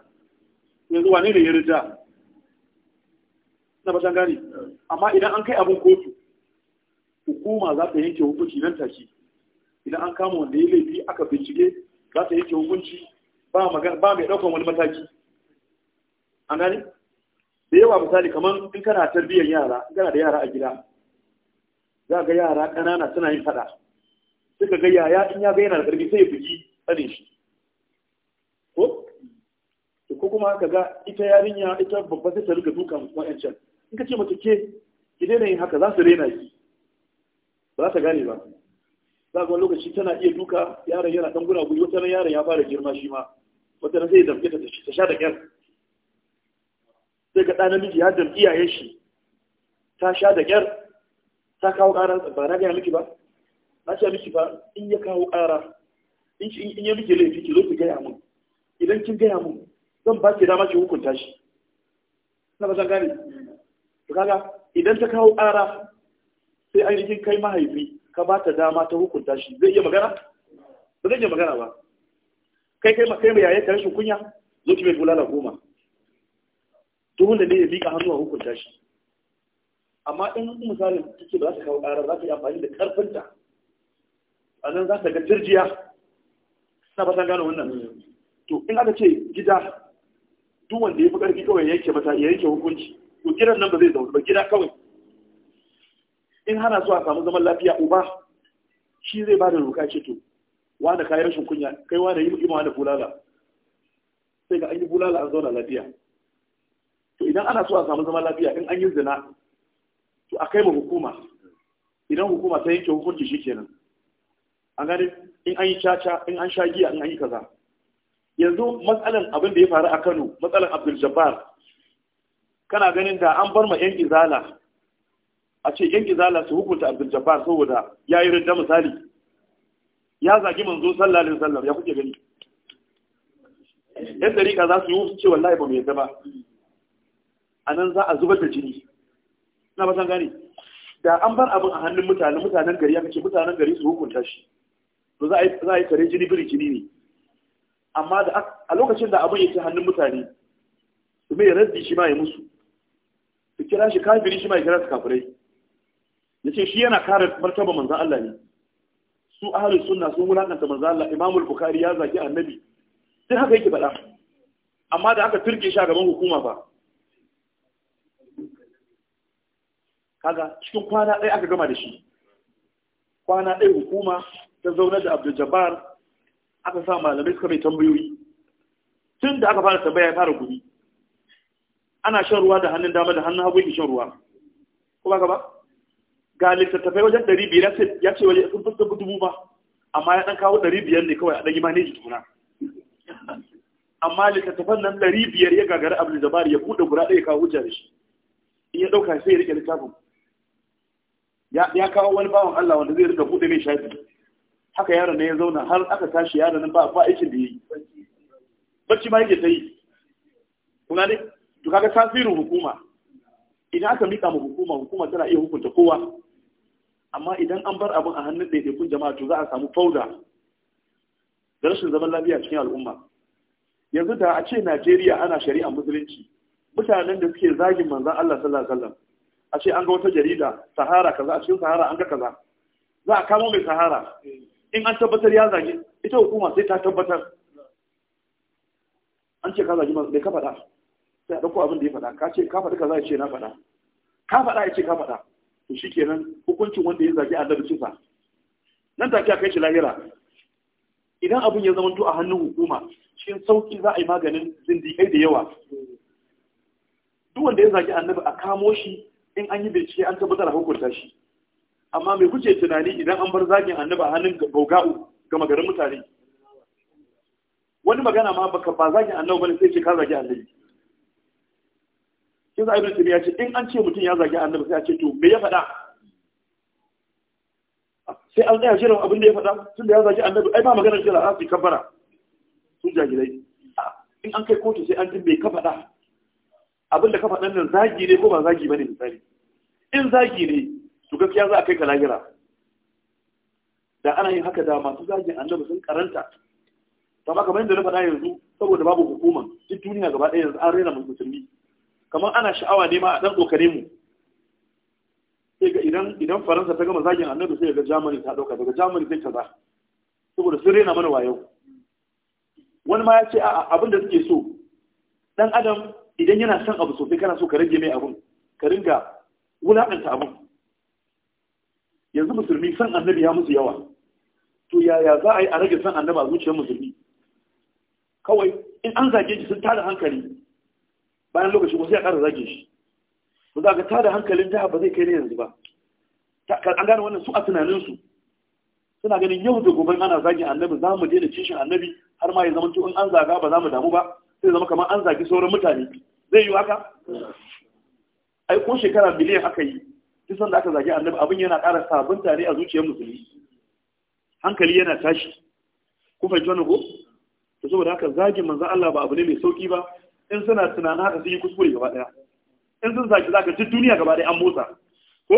yanzu wane da yarda na ba gani amma idan an kai abin kotu hukuma za ta yanke hukunci nan tashi idan an kama wanda ya laifi aka bincike za ta yanke hukunci ba magana ba mai daukan wani mataki an gani da yawa misali kamar in kana tarbiyyar yara in kana da yara a gida za ga yara ƙanana suna yin fada suka ga yaya in ya ga yana da ƙarfi sai ya bugi tsane shi ko ko kuma ka ga ita yarinya ita babba sai ta riga dukan wa'ancan in ka ce mata ke ki daina yin haka za su rena shi ba za ta gane ba za ga lokaci tana iya duka yaron yana dan guna guri wata yaron ya fara girma shi ma wata sai ya damke ta ta sha da kyar sai ga ɗan namiji ya dam iyaye shi ta sha da kyar ta kawo ƙara ba na gaya miki ba na ce miki ba in ya kawo ƙara in ya miki laifi ki zo ki gaya mun idan kin gaya mun zan ba ki dama ki hukunta shi na ba zan gane to kaga idan ta kawo ƙara sai ainihin kai mahaifi ka ba ta dama ta hukunta shi zai iya magana ba zai iya magana ba kai kai kai mai yayin rashin kunya zo ki mai bulala goma Tuhun da ne ya miƙa hannu a hukunta shi amma in misalin ta ba za ta kawo ƙarar za ta yi amfani da ƙarfinta a nan za ta ga jirjiya na fatan gano wannan to in aka ce gida duk wanda ya fi ƙarfi kawai yanke mata ya yanke hukunci to gidan nan ba zai zaune ba gida kawai in hana so a samu zaman lafiya uba shi zai bada roka ce to wanda kayi rashin kunya kai wanda yi ima da bulala sai ga an yi bulala an zauna lafiya to idan ana so a samu zaman lafiya in an yi zina to a kai ma hukuma idan hukuma ta yanke hukunci shi kenan a gani in an yi caca in an sha giya in an yi kaza yanzu matsalan abin da ya faru a Kano matsalan Abdul Jabbar kana ganin da an bar ma yan izala a ce yan izala su hukunta abdul jabbar saboda ya yi rinda misali ya zagi manzo sallalin sallar ya kuke gani yan dariƙa za su yi wasu cewa laifin mai mu ba a nan za a zubar da jini na basan gani gane da an bar abin a hannun mutane mutanen gari ya kace mutanen gari su hukunta shi to za a yi kare jini biri jini ne amma da a lokacin da abin yake hannun mutane su mai raddi shi ma ya musu su kira shi kafiri shi ma ya kira su kafirai nace shi yana kare martaba manzo Allah ne su ahlus sunna sun wulakanta manzo Allah Imam al-Bukhari ya zaki annabi sai haka yake faɗa amma da aka turke shi a gaban hukuma ba kaga cikin kwana ɗaya aka gama da shi kwana ɗaya hukuma ta zauna da Abdul Jabbar aka sa malamai suka mai tambayoyi tun da aka fara tambaya ya fara gudi ana shan ruwa da hannun dama da hannun hagu yake shan ruwa ko ba ka ba ga littattafai wajen ɗari biyar ya ce waje sun fuska dubu ba amma ya ɗan kawo ɗari biyar ne kawai a ɗan yi maneji tukuna amma littattafan nan ɗari biyar ya gagara abu da ya buɗe guda ɗaya kawo hujja da shi in ya ɗauka sai ya riƙe littafin ya kawo wani bawan Allah wanda zai riƙa buɗe mai shafi haka yaron ne ya zauna har aka tashi yaron nan ba ba aikin da yi bacci ma yake ta yi kuna ne to kaga tasirin hukuma idan aka mika ma hukuma hukuma tana iya hukunta kowa amma idan an bar abin a hannun ɗaiɗaikun jama'a to za a samu fauda da rashin zaman lafiya cikin al'umma yanzu da a ce najeriya ana shari'a musulunci mutanen da suke zagin manzan allah sallallahu alaihi wasallam a ce an ga wata jarida sahara kaza a cikin sahara an ga kaza za a kamo mai sahara in an tabbatar ya zagi ita hukuma sai ta tabbatar an ce ka zagi masu bai ka faɗa sai a ɗauko abin da ya faɗa ka ce ka faɗi kaza ya ce na faɗa ka faɗa ya ce ka faɗa to kenan hukuncin wanda ya zagi annabi nan take a kai shi lahira idan abin ya zama a hannun hukuma shi sauki za a yi maganin zindikai da yawa duk wanda ya zagi annabi a kamo shi in an yi bincike an tabbatar hukunta shi amma mai kuce tunani idan an bar zagin annabi a hannun gaugau ga magarin mutane wani magana ma baka ba zagin annabi bane sai ce ka zagi annabi shi yi ibn tabiya ce in an ce mutum ya zagi annabi sai a ce to me ya faɗa sai an tsaya shirin abin da ya faɗa tun da ya zagi annabi ai ba maganar shi a su kabbara sun jahilai in an kai kotu sai an me ka faɗa abin da ka faɗan nan zagi ne ko ba zagi ba ne misali in zagi ne to gaskiya za a kai ka lahira da ana yin haka da masu zagin annabi sun karanta to kamar yadda na faɗa yanzu saboda babu hukuma duk duniya gaba ɗaya yanzu an rena musulmi kamar ana sha'awa ne ma a ɗan ɗaukare mu sai ga idan faransa ta gama zagin annabi sai ga germany ta ɗauka daga germany sai kaza saboda sun rena mana wayo wani ma ya ce a abin da suke so ɗan adam idan yana son abu sosai kana so ka rage mai abun ka ringa wulaƙanta abun yanzu musulmi son annabi ya musu yawa to yaya za a yi a rage son annabi a zuciyar musulmi kawai in an zage shi sun tada hankali bayan lokaci ko sai a ƙara zage shi Ba za ka da hankalin jiha ba zai kai ne yanzu ba an gane wannan su a tunaninsu suna ganin yau da gobe ana zagin annabi za mu daina cishin annabi har ma ya zama in an zaga ba za mu damu ba sai zama kamar an zagi sauran mutane zai yi haka ai ko shekara miliyan aka yi duk sanda aka zage annabi abin yana ƙara sabon tare a zuciyar musulmi hankali yana tashi ku fahimci wannan ko to saboda haka zagin manzon Allah ba abu ne mai sauki ba in suna tunanin haka sun yi kuskure gaba daya in sun zaki zaka ci duniya gaba daya an motsa ko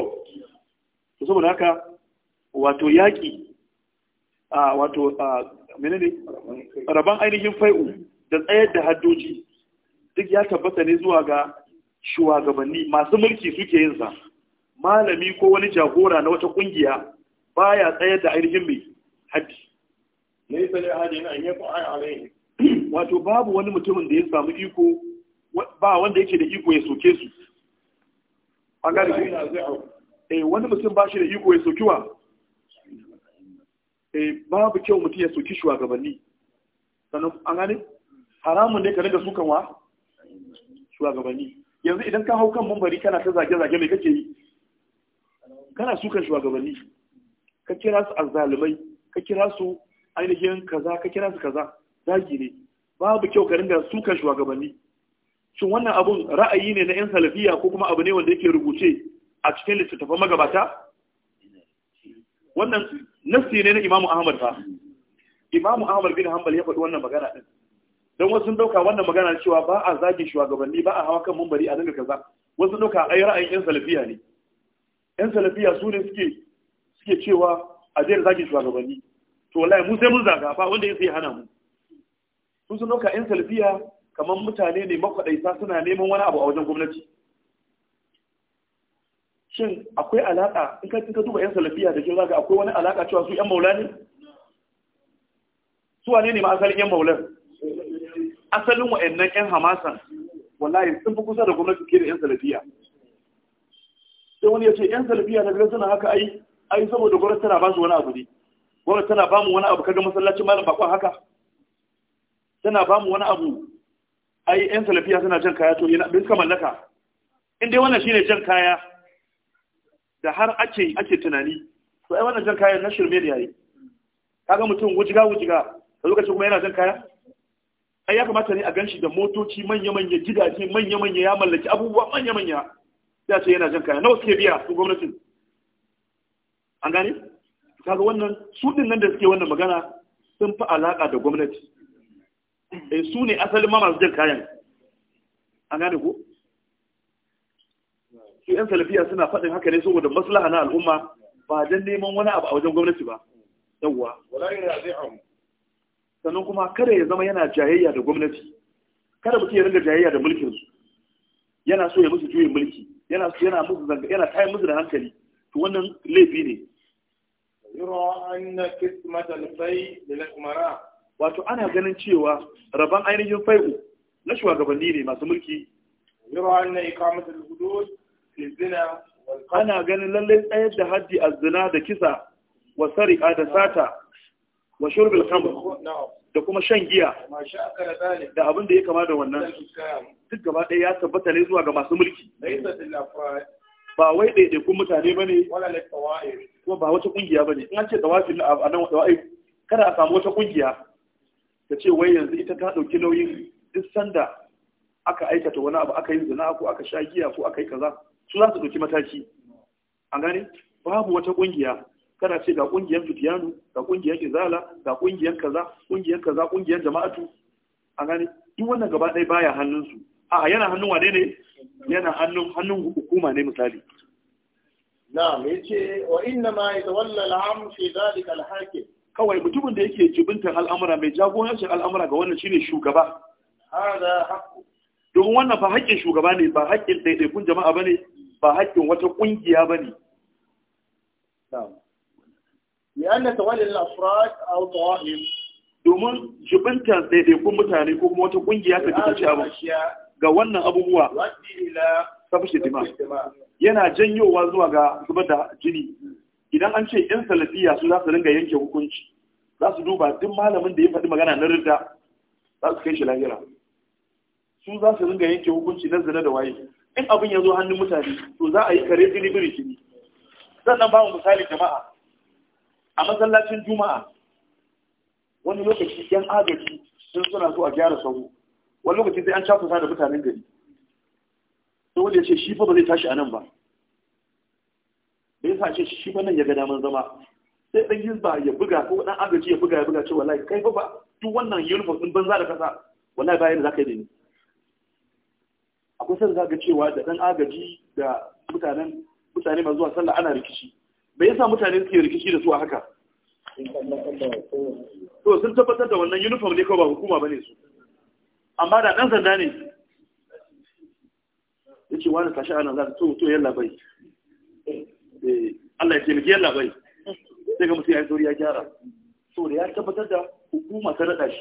to saboda haka wato yaki a wato a menene rabon ainihin fai'u da tsayar da haddoji duk ya tabbata ne zuwa ga shugabanni masu mulki suke yin sa malami ko wani jagora na wata kungiya baya tsayar da ainihin mai haddi ne li hadin an ai alaihi wato babu wani mutumin da ya samu iko ba wanda yake da iko ya soke su an gane ku eh wani mutum ba shi da iko ya soki wa eh babu kyau mutum ya soki shugabanni sannan an gane haramun ne ka daga sukan wa shugabanni yanzu idan ka hau kan mambari kana ta zage-zage mai kake yi kana sukan shugabanni ka kira su azzalumai ka kira su ainihin kaza ka kira su kaza zagi ne babu kyau ka ringa sukan shugabanni shin wannan abun ra'ayi ne na 'yan salafiya ko kuma abu ne wanda yake rubuce a cikin littattafan magabata wannan nafsi ne na imamu ahmad fa imamu ahmad bin hanbal ya faɗi wannan magana ɗin. don wasu sun ɗauka wannan magana cewa ba a zagin shugabanni ba a hawa kan mumbari a dinga kaza wasu sun a ai ra'ayin 'yan salafiya ne 'yan salafiya su ne suke suke cewa a jiyar zagin shugabanni to wallahi mu sai mun zaga ba wanda ya sai hana mu su sun ɗauka 'yan salfiya kamar mutane ne makwaɗaita suna neman wani abu a wajen gwamnati shin akwai alaka in ka ka duba 'yan salafiya da ke zaga akwai wani alaka cewa su 'yan maula ne su wane ne ma asalin 'yan maulan asalin wa'annan 'yan hamasan wallahi sun fi kusa da gwamnati ke da 'yan salafiya sai wani ya ce 'yan salafiya na suna haka ai ai saboda gwamnati tana ba su wani abu ne gwamnati tana ba mu wani abu kaga masallacin malam bakon haka tana ba mu wani abu ai yan salafiya suna jan kaya to yana bin kamar mallaka in dai wannan shi ne jan kaya da har ake ake tunani to ai wannan jan kaya na shirme da yayi kaga mutum wujiga wujiga a lokacin kuma yana jan kaya ai ya kamata ne a ganshi da motoci manya manya gidaje manya manya ya mallaki abubuwa manya manya ya ce yana jan kaya nawa suke biya su gwamnatin an gane kaga wannan su nan da suke wannan magana sun fi alaka da gwamnati eh su ne asalin ma masu jan kayan a gane ku su yan salafiya suna faɗin haka ne saboda maslaha na al'umma ba dan neman wani abu a wajen gwamnati ba yawwa sannan kuma kada ya zama yana jayayya da gwamnati kada mutum ya ringa jayayya da mulkin su yana so ya musu juyin mulki yana so yana musu zanga yana tayi musu da hankali to wannan laifi ne yura anna qismat al-fay lil umara wato ana ganin cewa rabon ainihin fai'u na shugabanni ne masu mulki ana ganin lallai tsayar da haddi a zina da kisa wa sariƙa da sata wa shurbil kamar da kuma shan giya da abin da ya kama da wannan duk gaba ɗaya ya tabbata ne zuwa ga masu mulki ba wai ɗaiɗaikun mutane ba ne kuma ba wata ƙungiya ba ne in an ce tsawafin a nan kada a samu wata ƙungiya ta ce wai yanzu ita ta ɗauki nauyin duk sanda aka aikata wani abu aka yi zina ko aka sha giya ko aka yi kaza su za su ɗauki mataki an gane babu wata ƙungiya kana ce ga ƙungiyar fitiyanu ga ƙungiyar izala ga ƙungiyar kaza ƙungiyar kaza ƙungiyar jama'atu an gane duk wannan gaba ɗaya baya hannunsu a yana hannun wane ne yana hannun hannun hukuma ne misali Na me ce, wa inna ma yatawalla al-amr fi dhalika al-hakim kawai mutumin da yake jibintar al'amura mai jagorancin al'amura ga wannan shine shugaba domin wannan ba haƙƙin shugaba ne ba haƙƙin ɗaiɗaikun jama'a ba ne ba haƙƙin wata ƙungiya ba ne domin jibintar ɗaiɗaikun mutane ko kuma wata ƙungiya ta kasance abu ga wannan abubuwa ta fashe dima yana janyowa zuwa ga zubar da jini idan an ce yan salafiya su za su ringa yanke hukunci za su duba duk malamin da ya faɗi magana na ridda za su kai shi lahira su za su ringa yanke hukunci na zina da waye in abin ya zo hannun mutane to za a yi kare biribiri kini sannan bawa mu misali jama'a a masallacin juma'a wani lokaci yan agaji sun suna so a gyara sauro wani lokaci sai an cakusa da mutanen gari sai wanda ya ce shi fa ba zai tashi a nan ba da ya sace shi nan ya ga daman zama sai dan hisba ya buga ko dan agaji ya buga ya buga ce wallahi kai fa ba duk wannan uniform din banza da kasa wallahi ba yadda zaka yi da ni akwai san zaka cewa da dan agaji da mutanen mutane ba zuwa sallah ana rikici bai yasa mutane suke rikici da su a haka to sun tabbatar da wannan uniform ne kawai ba hukuma bane su amma da dan sanda ne yace wani tashi ana za ta to to yalla bai Eh, Allah ya taimake Allah bai sai ga musu ya sauri ya gyara da ya tabbatar da hukuma ta rada shi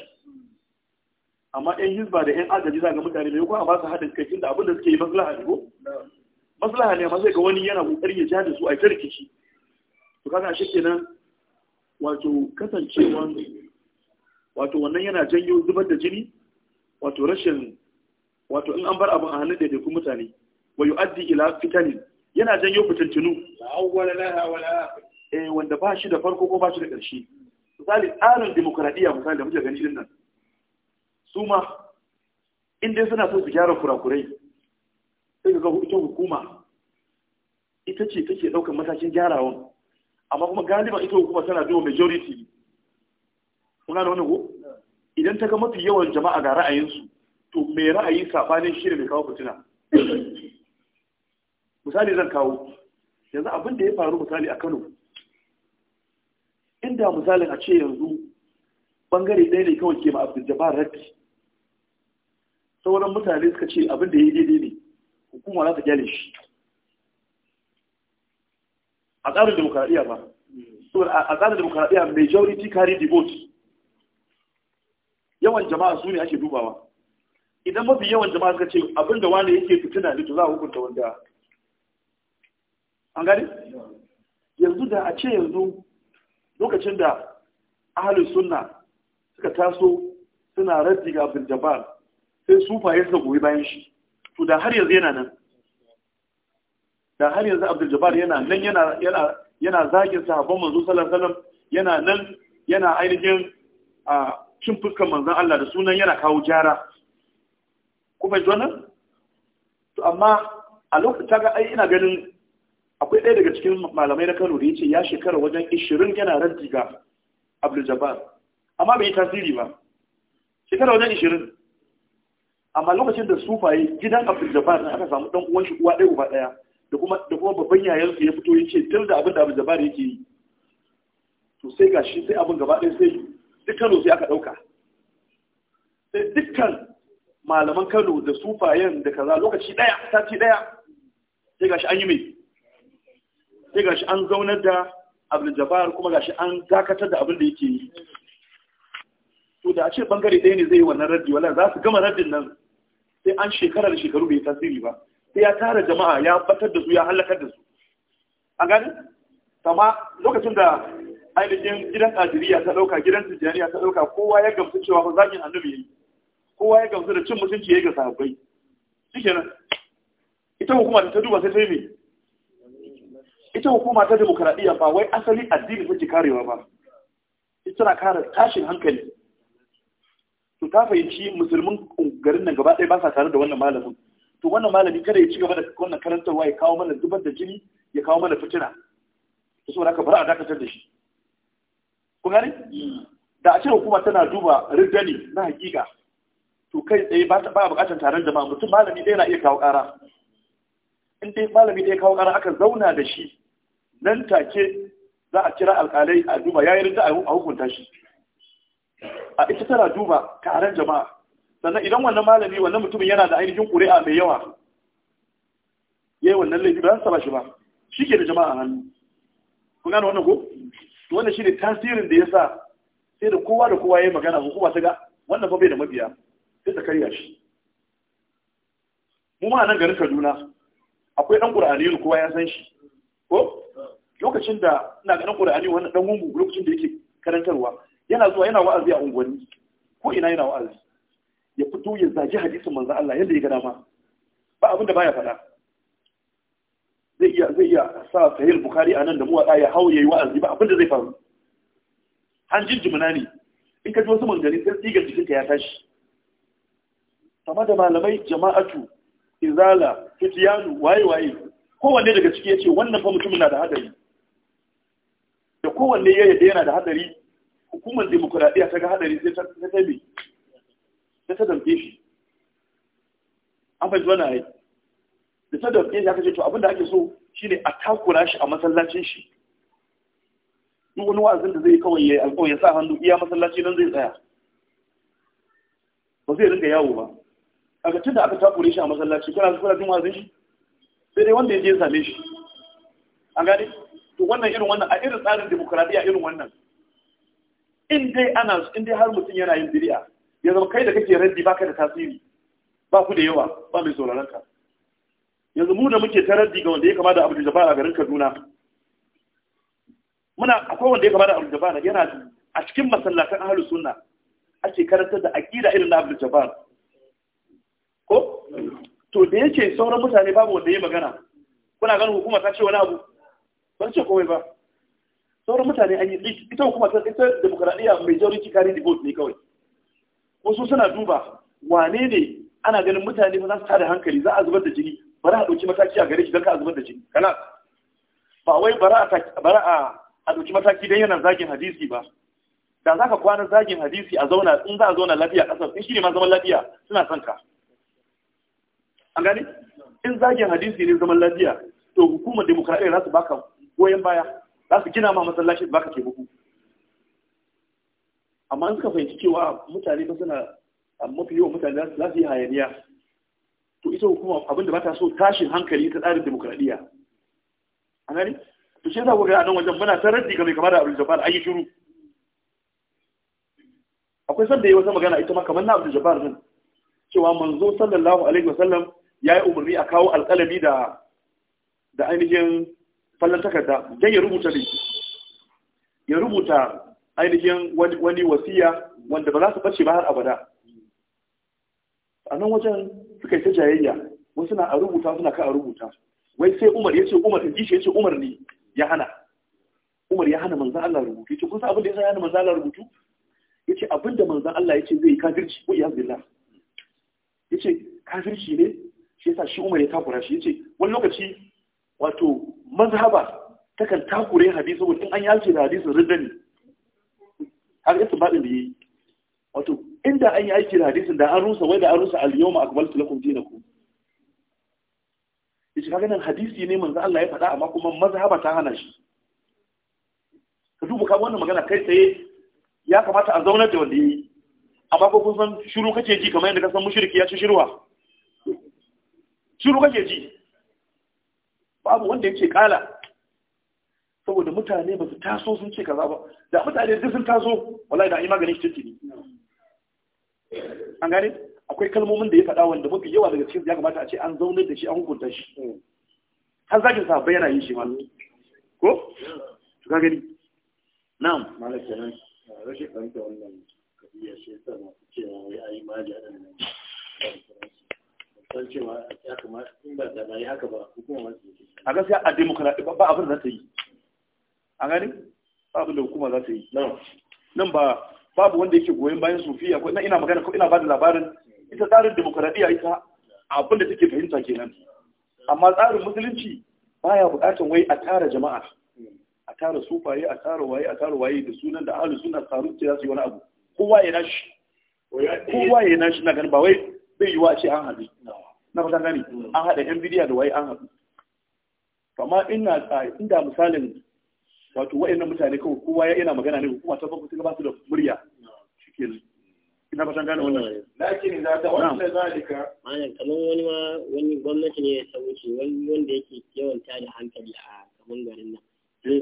amma ɗan hizba da ɗan agaji za ga mutane mai kuma ba su haɗin kai inda abin da suke yi maslaha ne ko maslaha ne amma sai ga wani yana kokari ya jihar da su a rikici to kaga shi kenan wato kasancewan wato wannan yana janyo zubar da jini wato rashin wato in an bar abin a hannun da daidaikun mutane wa yu'addi ila fitanin yana janyo fitintunu eh wanda ba shi da farko ko ba shi da ƙarshe misali tsarin demokuraɗiyya misali da muke gani irin nan su ma in dai suna so su gyara kurakurai sai ga ita hukuma ita ce take ɗaukar matakin gyarawan amma kuma galiba ita hukuma tana zuwa majority kuna da wani ko idan ta ga mafi yawan jama'a ga ra'ayinsu to mai ra'ayi safanin shi da mai kawo fitina misali zan kawo yanzu abin da ya faru misali a Kano inda misalin a ce yanzu bangare ɗaya ne kawai ke ma Abdul Jabbar Rabbi sauran mutane suka ce abin da ya yi daidai ne hukuma za ta gyale shi a tsarin demokradiyya ba a tsarin demokradiyya majority carry the vote yawan jama'a su ne ake dubawa idan mafi yawan jama'a suka ce abin da wani yake fitina ne to za a hukunta wanda an gani yanzu da a ce yanzu lokacin da ahalin sunna suka taso suna raddi ga abin jabal sai sufaye suka goyi bayan shi to da har yanzu yana nan da har yanzu abdul jabbar yana nan yana zagin sahabban manzo sallallahu yana nan yana ainihin a cin fuskan manzan Allah da sunan yana kawo jara kuma bai jona to amma a lokacin ga ai ina ganin akwai ɗaya daga cikin malamai na Kano da ya ce ya shekara wajen 20 yana ranti ga Abdul Jabbar amma bai yi tasiri ba shekara wajen 20 amma lokacin da sufaye gidan Abdul Jabbar aka samu ɗan uwan shi uwa ɗaya uba ɗaya da kuma da kuma babban yayan su ya fito ya ce tun da abin da Abdul Jabbar yake yi to sai gashi sai abin gaba ɗaya sai duk Kano sai aka ɗauka. sai dukkan malaman Kano da sufayen da kaza lokaci ɗaya sati ɗaya sai gashi an yi mai sai gashi an zaunar da abdul jabbar kuma gashi an dakatar da abin da yake yi to da a ce bangare ɗaya ne zai yi wannan raddi wala za su gama raddin nan sai an shekara da shekaru bai tasiri ba sai ya tara jama'a ya batar da su ya halakar da su an gani amma lokacin da ainihin gidan ajiriya ta ɗauka gidan tijjaniya ta ɗauka kowa ya gamsu cewa ba zagin annabi yi kowa ya gamsu da cin mutunci yi ga sahabbai shikenan ita hukuma ta duba sai ta yi ita hukuma ta demokradiyya ba wai asali addini take karewa ba ita tana kare tashin hankali to ta fahimci musulmin garin nan gaba ɗaya ba sa tare da wannan malamin to wannan malami kada ya ci gaba da wannan karantarwa ya kawo mana zubar da jini ya kawo mana fitina to saboda ka bari a dakatar da shi kun gani da a ce hukuma tana duba riddani na hakika to kai tsaye ba ta ba bukatar taron jama'a mutum malami ɗaya na iya kawo ƙara in dai malami ɗaya kawo ƙara aka zauna da shi nan take za a kira alƙalai a duba ya yi rinta a hukunta shi a ita tara duba taron jama'a sannan idan wannan malami wannan mutumin yana da ainihin ƙuri'a mai yawa yayi wannan laifi ba sa su shi ba shi ke da jama'a hannu kun gane wannan ko wannan shi ne tasirin da ya sa sai da kowa da kowa ya yi magana hukuma ta ga wannan fa bai da mabiya sai ta karya shi mu ma nan garin kaduna akwai ɗan ƙur'ani kowa ya san shi ko lokacin da ina ganin Qur'ani wannan ɗan gungu lokacin da yake karantarwa yana zuwa yana wa'azi a unguwanni ko ina yana wa'azi ya fito ya zagi hadisin manzan Allah yadda ya gada ma. ba abin da baya faɗa zai iya zai iya sa sahih bukhari anan da muwaɗa ya hau ya yi wa'azi ba abin da zai faru an jimina ne in ka ji wasu mangani sai tsigar jikinka ya tashi sama da malamai jama'atu izala fitiyanu waye waye kowanne daga ciki ya ce wannan fa mutumin na da hadari kowanne ya yadda yana da hadari hukumar demokuraɗiyya ta ga hadari sai ta tabi ta ta damfe shi an fahimci wannan da ta damfe shi aka ce to abinda ake so shine a takura shi a masallacin shi duk wani wa'azin da zai kawai ya alƙawai ya sa hannu iya masallaci nan zai tsaya ba zai rinka yawo ba a ga tun da aka takure shi a masallaci kana zuwa jin wa'azin shi sai dai wanda ya je same shi an gane to wannan irin wannan a irin tsarin demokradiyya irin wannan in dai ana in dai har mutum yana yin bid'a ya zama kai da kake raddi baka da tasiri ba ku da yawa ba mai sauraron ka yanzu mu da muke ta raddi ga wanda ya kama da Abdul Jabbar a garin Kaduna muna akwai wanda ya kama da da Jabbar yana a cikin masallatan ahlus sunna ake karanta da aqida irin na da Jabbar ko to da yake sauran mutane babu wanda ya magana kuna ganin hukuma ta ce wani abu ba ce komai ba sauran mutane an yi ita kuma ta ita demokradiyya majority carry the vote ne kawai wasu suna duba wane ne ana ganin mutane ba za su tada hankali za a zubar da jini bari a ɗauki mataki a gare shi don ka a zubar da jini kana ba wai bara a ɗauki mataki don yana zagin hadisi ba da za ka kwana zagin hadisi a zauna in za a zauna lafiya ƙasar in shi ne ma zaman lafiya suna son ka an gani in zagin hadisi ne zaman lafiya to hukumar demokradiyya za su baka goyon baya za su gina ma masallaci ba ka ke buku amma an suka fahimci cewa mutane ba suna mafi yawan mutane za su yi hayaniya to ita hukuma abin da ba ta so tashin hankali ta tsarin demokradiyya a gani to shi yasa ku ga a nan wajen muna ta raddi ga mai kama da Abdul Jabbar ayi shiru akwai sanda yayi wata magana ita ma kamar na Abdul Jabbar din cewa manzo sallallahu alaihi wasallam ya yi umarni a kawo alƙalami da da ainihin fallon takarda don ya rubuta ne ya rubuta ainihin wani wasiya wanda ba za su bace ba har abada a nan wajen suka yi ta jayayya wasu na a rubuta suna ka a rubuta wai sai umar ya ce umar in ya ce umar ne ya hana umar ya hana manzan Allah rubutu ya ce kusa abin da ya sa ya hana manzan Allah rubutu ya ce abinda manzan Allah ya ce zai kafirci ko iya zilla ya ce kafirci ne shi ya sa shi umar ya takura shi ya ce wani lokaci wato mazhaba takan takure hadisi saboda an yace da hadisin rindani. ne har yasu baɗin da yi wato inda an yi aiki da hadisin da an rusa wai da an rusa al-yawma akmaltu lakum dinakum yace kaga nan hadisi ne manzo Allah ya faɗa amma kuma mazhaba ta hana shi ka duba ka wannan magana kai tsaye ya kamata a zauna da wanda yi amma ko kun san shiru kake ji kamar yadda ka san mushriki ya ci shirwa shiru kake ji babu wanda yake kala saboda mutane ba su taso sun ce kaza ba da mutane duk sun taso wallahi da ai maganin shi take an gane akwai kalmomin da ya faɗa wanda mafi yawa daga cikin ya kamata a ce an zaunar da shi an hukunta shi har zakin sahabbai yana yin shi ma ko to ka gani na'am malam kenan rashin fahimta wannan kabiya shi yasa masu cewa wai ai ma da nan a gaskiya a demokradi ba abin za ta yi a gani ba abin da hukuma za ta yi nan ba babu wanda yake goyon bayan sufiya ko ina magana ko ina ba da labarin ita tsarin demokradiyya ita abin da take fahimta kenan amma tsarin musulunci baya bukatan wai a tara jama'a a tara sufaye a tara waye a tara waye da sunan da ahlus suna tsarin ce za su yi wani abu kowa ya nashi kowa ya nashi na ganin ba wai bai yiwa ce an haɗu na fatan gani an haɗa yan bidiya da wai an haɗu amma ina tsari inda misalin wato wa'annan mutane kawai kowa ya ina magana ne hukuma ta farko ta ba su da murya shikenan ina wannan lakin za ta wannan zalika kaman wani ma wani gwamnati ne ya wani wanda yake yawan tada hankali a kaman garin nan eh,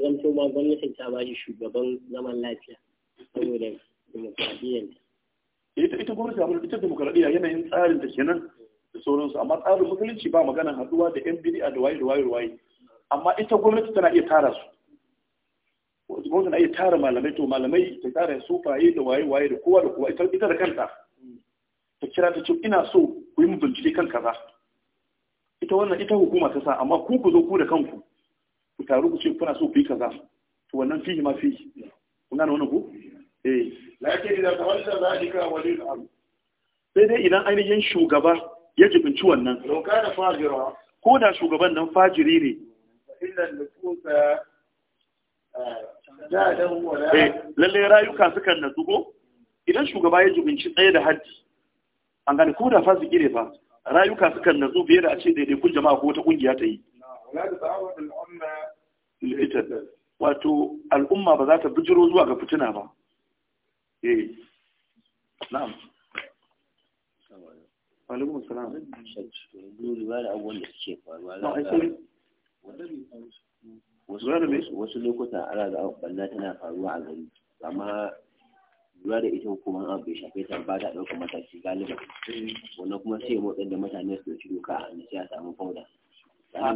ita ita yanayin tsarin ta kenan da sauransu amma tsarin musulunci ba magana haduwa da yan bid'a da waye da waye da waye amma ita gwamnati tana iya tara su gwamnati tana iya tara malamai to malamai ta tara su faye da waye waye da kowa da kowa ita da kanta ta kira ta ce ina so ku yi mu bincike kan kaza ita wannan ita hukuma ta sa amma ku ku zo ku da kanku ku taru ku ce kuna so ku yi kaza to wannan fihi ma fihi kun gane wannan ku eh lakin idan tawalla zalika walil amr sai dai idan ainihin shugaba ya jibinci wannan ko da shugaban nan fajiri ne eh, eh, lallai rayuka sukan na zugo idan shugaba ya jibinci tsaye da hajji an gani ko da fasiki ne fa rayuka sukan na zo biye da a ce daidai kun jama'a ko wata kungiya ta yi wato al'umma ba za ta bijiro zuwa ga fitina ba eh na'am alaikum salam duba da abubuwan da suke faruwa ah, wasu lokuta ana da banna tana faruwa a gari amma lura da ita hukumar abu bai shafe ta ba ta ɗaukar mataki galiba wannan kuma sai ya motsar da mutane su ci doka a hannu sai a samu fauda a sai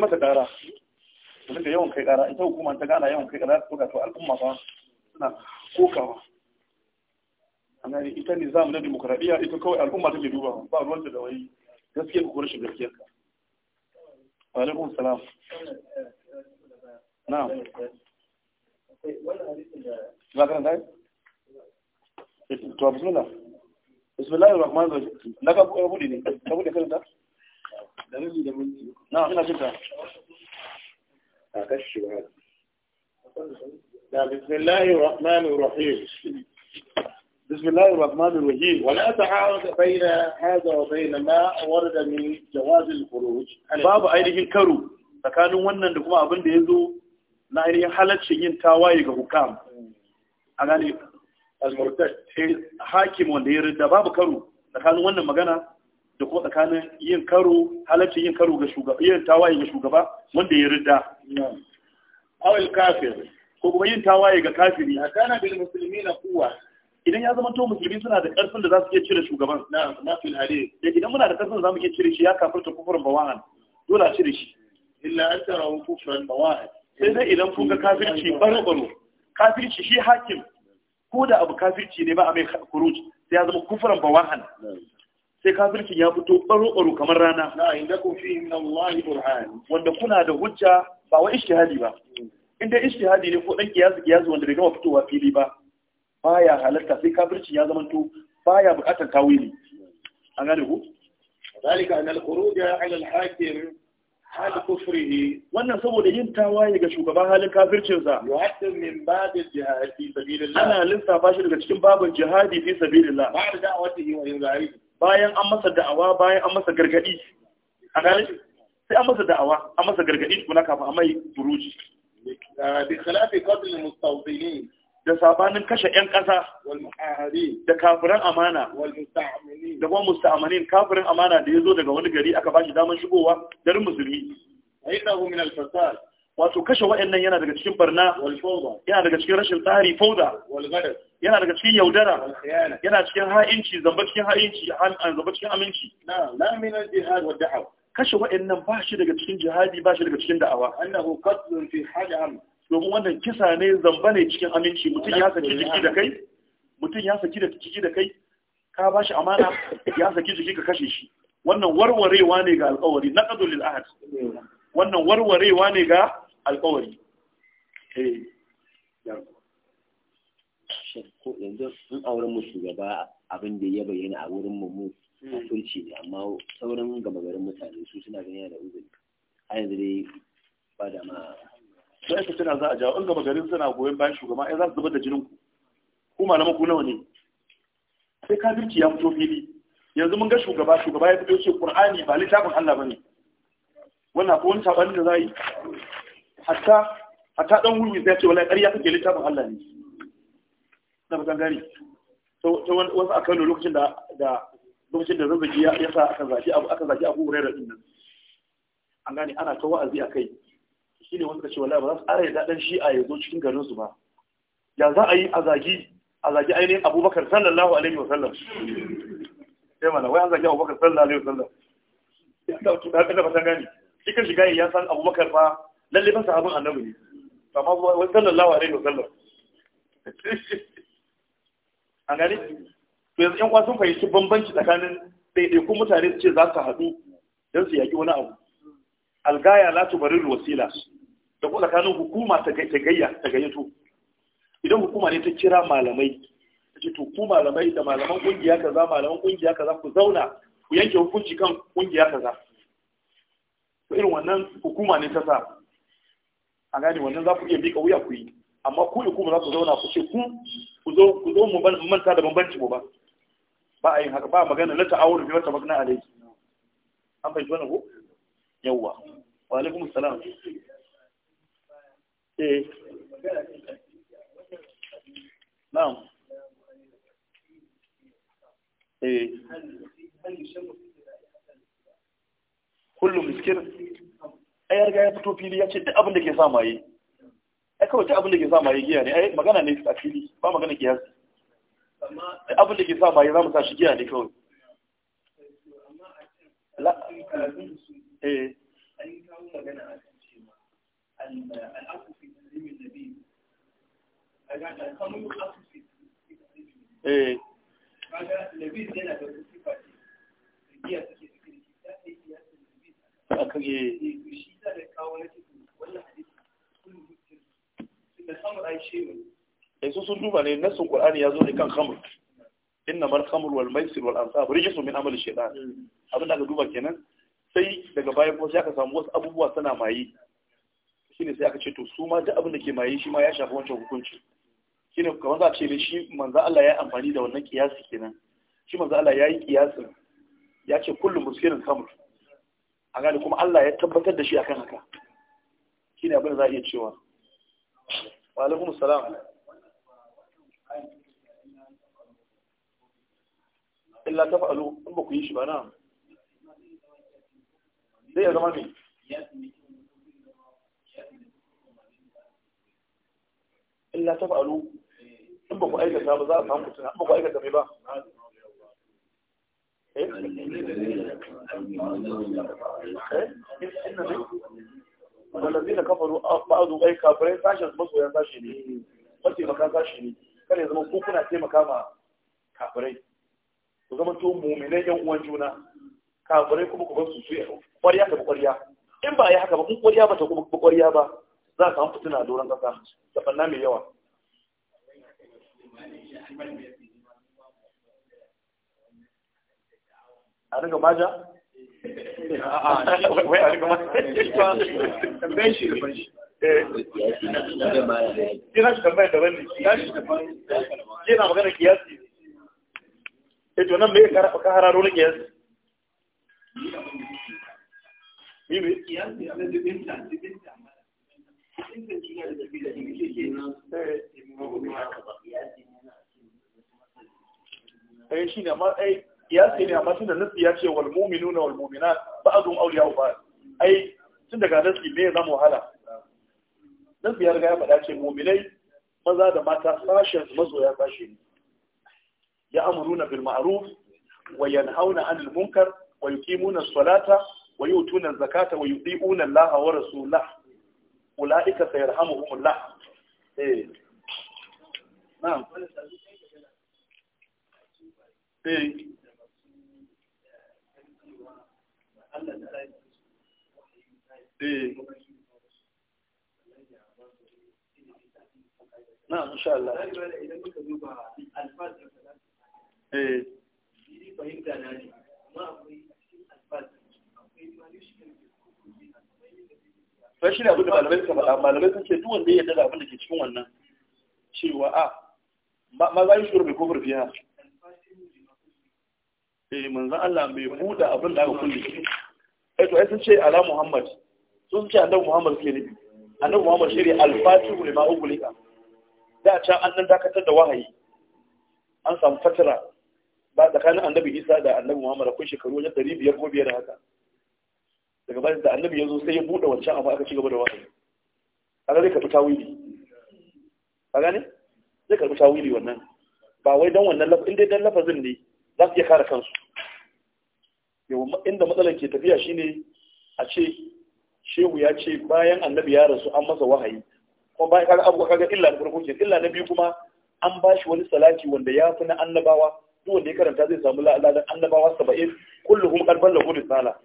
masa ƙara su da yawan kai ƙara ita hukumar ta gana yawan kai ƙara su ɗauka to al'umma fa suna kokawa ana ita ne zamu na demokradiyya ita kawai al'umma take duba ba ruwan da wani gaskiya ko rashin gaskiya wa alaikum salam na'am za ka nan to bismillah bismillahir rahmanir rahim na ka bude ne ka bude da da mulki na'am ina jinka a kashi ba da bismillahir rahmanir rahim بسم الله الرحمن الرحيم ولا تعارض بين هذا وبين ما ورد من جواز الخروج باب ainihin karu tsakanin wannan da kuma abin da yazo na ainihin halaccin yin tawaye ga hukam a gane al-murtad hakim wanda ya ridda babu karo tsakanin wannan magana da kuma tsakanin yin karo halaccin yin karo ga shugaba yin tawaye ga shugaba wanda ya ridda Awil kafir ko kuma yin tawaye ga kafiri kana bil muslimina quwwa idan ya zama to musulmi suna da karfin da za su iya cire shugaban na na fil da idan muna da karfin da za mu iya cire shi ya kafirta kufurin bawahan dole a cire shi illa an tara kufurin bawahan sai dai idan kun ga kafirci baro baro kafirci shi hakim ko da abu kafirci ne ba a mai kuruci sai ya zama kufurin bawahan sai kafircin ya fito baro baro kamar rana na inda ku fi inna wallahi burhan wanda kuna da hujja ba wa ishtihadi ba inda ishtihadi ne ko dan kiyasu-kiyasu wanda bai gama fitowa fili ba baya halatta sai kafirci ya zamanto baya bukatar tawili an gane ku zalika an al-khuruj ala al-hakim hal kufrihi wannan saboda yin tawaye ga shugaban halin kafircin sa yuhaddu min bab al-jihad fi sabilillah ana lissafa shi daga cikin babin jihadi fi sabilillah ba'da da'watihi wa inzarihi bayan an masa da'awa bayan an masa gargadi a gane sai an masa da'awa an masa gargadi tukuna kafin a mai buruji bi khilafi qatl al-mustawdilin da sabanin kashe 'yan ƙasa da kafiran amana da kuma musta'amani, kafirin amana da ya zo daga wani gari aka ba shi damar shigowa garin musulmi wato kashe wa'annan yana daga cikin barna yana daga cikin rashin tsari fauda yana daga cikin yaudara yana cikin ha'inci zamba cikin ha'inci zamba cikin aminci kashe wa'annan ba shi daga cikin jihadi ba shi daga cikin da'awa domin wannan kisa ne zamba ne cikin aminci mutum ya saki jiki da kai mutum ya saki da jiki da kai ka bashi amana ya saki jiki ka kashe shi wannan warwarewa ne ga alƙawari na ƙadu lil ahad wannan warwarewa ne ga alƙawari eh ko yanzu in auren mu shugaba abin da ya bayyana a wurin mu hmm. kafirci ne amma sauran gama garin mutane su suna ganin da uzuri a yanzu dai ba da ma sai tana za a jawo in gaba garin suna goyon bayan shugaba ai za su zubar da jinin ku Ko malama ku nawa ne sai kafirci ya fito fili yanzu mun ga shugaba shugaba ya fito ce qur'ani ba littafin Allah bane wannan ko wani sabani da zai hatta hatta dan wuri ya ce wallahi ƙarya kake littafin Allah ne na ba gangare to wasu akan lokacin da da lokacin da zazzaki ya sa aka zaki abu aka zaki abu Hurairah din nan an gane ana ta wa'azi akai shi ne wanda ce wallahi ba za su ƙara yadda ɗan shi a yanzu cikin garinsu ba ya za a yi a zagi a zagi ainihin abubakar sallallahu alaihi wa sallam sai eh, mana wai an zagi abubakar sallallahu alaihi wa sallam ya da tuka kada ba san gani shi kan shiga ya san abubakar fa lalle ba sahabin annabi ne amma wai sallallahu alaihi wa sallam an gani to yanzu yan kwasan fahimci bambanci tsakanin ɗaiɗaikun mutane su ce za su haɗu don su yaƙi wani abu algaya la tubarin wasila da kuma tsakanin hukuma ta gayya ta gayyato idan hukuma ne ta kira malamai ta ce to ku malamai da malaman kungiya kaza malaman kungiya kaza ku zauna ku yanke hukunci kan kungiya kaza to irin wannan hukuma ne ta sa a gane wannan za ku iya miƙa wuya ku yi amma ku hukuma za ku zauna ku ce ku ku zo ku zo mu manta da bambanci mu ba ba a yin haka ba magana na ta'awun bi wata magana alai an fahimci wannan ko yawwa wa alaikum salam eh na'am eh ya riga ya fili ya ce duk abin ke sa maye ai kawai duk abin da ke sa maye giya ne ai ne a fili ba magana giya duk abin da ke sa za mu giya ne تسليم النبي da da na ne duba ne ya ne kan khamr innamal wal maisir wal ansab rijsu min amali shaytan abin da duba kenan sai daga bayan kuma sai aka samu wasu abubuwa suna maye shine sai aka ce to su ma duk abin da ke maye shi ma ya shafi wancan hukunci shine kamar za a ce shi manzo Allah ya amfani da wannan kiyasi kenan shi manzo Allah ya yi kiyasi ya ce kullum muskirin kamar a gane kuma Allah ya tabbatar da shi akan haka shine abin da za a iya cewa wa alaikum salam illa tafa'alu in ba ku yi shi ba na zai zama ne illa ta fa'alu in ba ku aikata ba za a samu fitina in ba ku aikata mai ba والذين كفروا بعض أي كافرين ساشا مصر يا ساشي لي مصر مكان ne. لي ya zama كوكونا taimaka ma kafirai. ku zama to muminai yan uwan juna kafirai kuma ku ban su su kwariya ta kwariya in ba ya haka ba kun kwariya ba ta kuma kwariya ba za a samu fitina na doron kasa da mai yawa a daga maja? a maja shi eh. na eh, a ai eh, shi ne amma ai eh, kiyasi ne amma tun da nasi ya ce wal mu'minuna wal mu'minat ba'dhum awliya'u ba'd ai tun daga nasi ne zamu wahala nasi ya riga ya faɗa ce mu'minai maza da mata sashen mazoya sashe ne ya amuruna bil ma'ruf wa yanhauna 'anil munkar wa yuqimuna as-salata wa yu'tuna az-zakata wa yuti'una Allah wa rasulahu ula'ika sayarhamuhumullah eh na'am eh eh na'am insha Allah idan muka duba alfaz da eh fahimta na ne amma akwai Sai shi ne abin da malamai suka faɗa malamai sun ce duk wanda ya yarda da abin da ke cikin wannan cewa ah, a ma za yi shuru mai kofar fiya eh manzan Allah mai buɗe abin da aka kulle eh to ai sun ce ala Muhammad sun ce annabi Muhammad ke nufi annabi Muhammad shi ne al-fatihu lima ugulika da can an nan dakatar da wahayi an samu fatira ba tsakanin annabi Isa da annabi Muhammad akwai shekaru wajen 500 ko biyar da haka daga bayan da annabi ya zo sai ya buɗe wancan abu aka ci gaba da wa'azi kaga zai karɓi tawili ka gane zai karɓi tawili wannan ba wai dan wannan lafazin dai dan lafazin ne za su iya kare kansu yau inda matsalar ke tafiya shine a ce shehu ya ce bayan annabi ya rasu an masa wahayi kuma bayan kaga abu kaga illa na farko kenan illa na biyu kuma an ba shi wani salati wanda ya fi na annabawa duk wanda ya karanta zai samu ladan annabawa saba'in kulluhum qalban lahu risala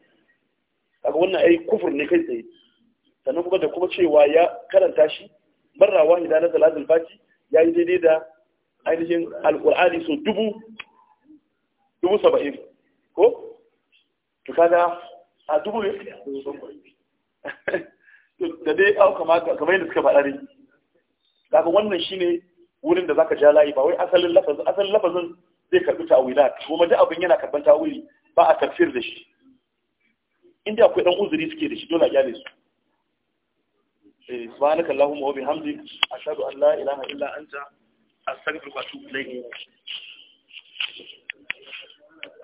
kaga wannan ai kufur ne kai tsaye sannan kuma da kuma cewa ya karanta shi barra wahida na salatul Baki ya yi daidai da ainihin alkur'ani so dubu dubu saba'in ko to kaga a dubu ne da dai au kamar yadda suka faɗa ne kaga wannan shine wurin da zaka ja layi ba wai asalin lafazin asalin lafazin zai karbi ta'awila kuma duk abin yana karban ta'awili ba a tafsir da shi inda akwai dan uzuri suke da shi dole a gyale su eh, subhanaka allahumma wa bihamdika ashhadu an la ilaha illa anta astaghfiruka wa atubu ilayk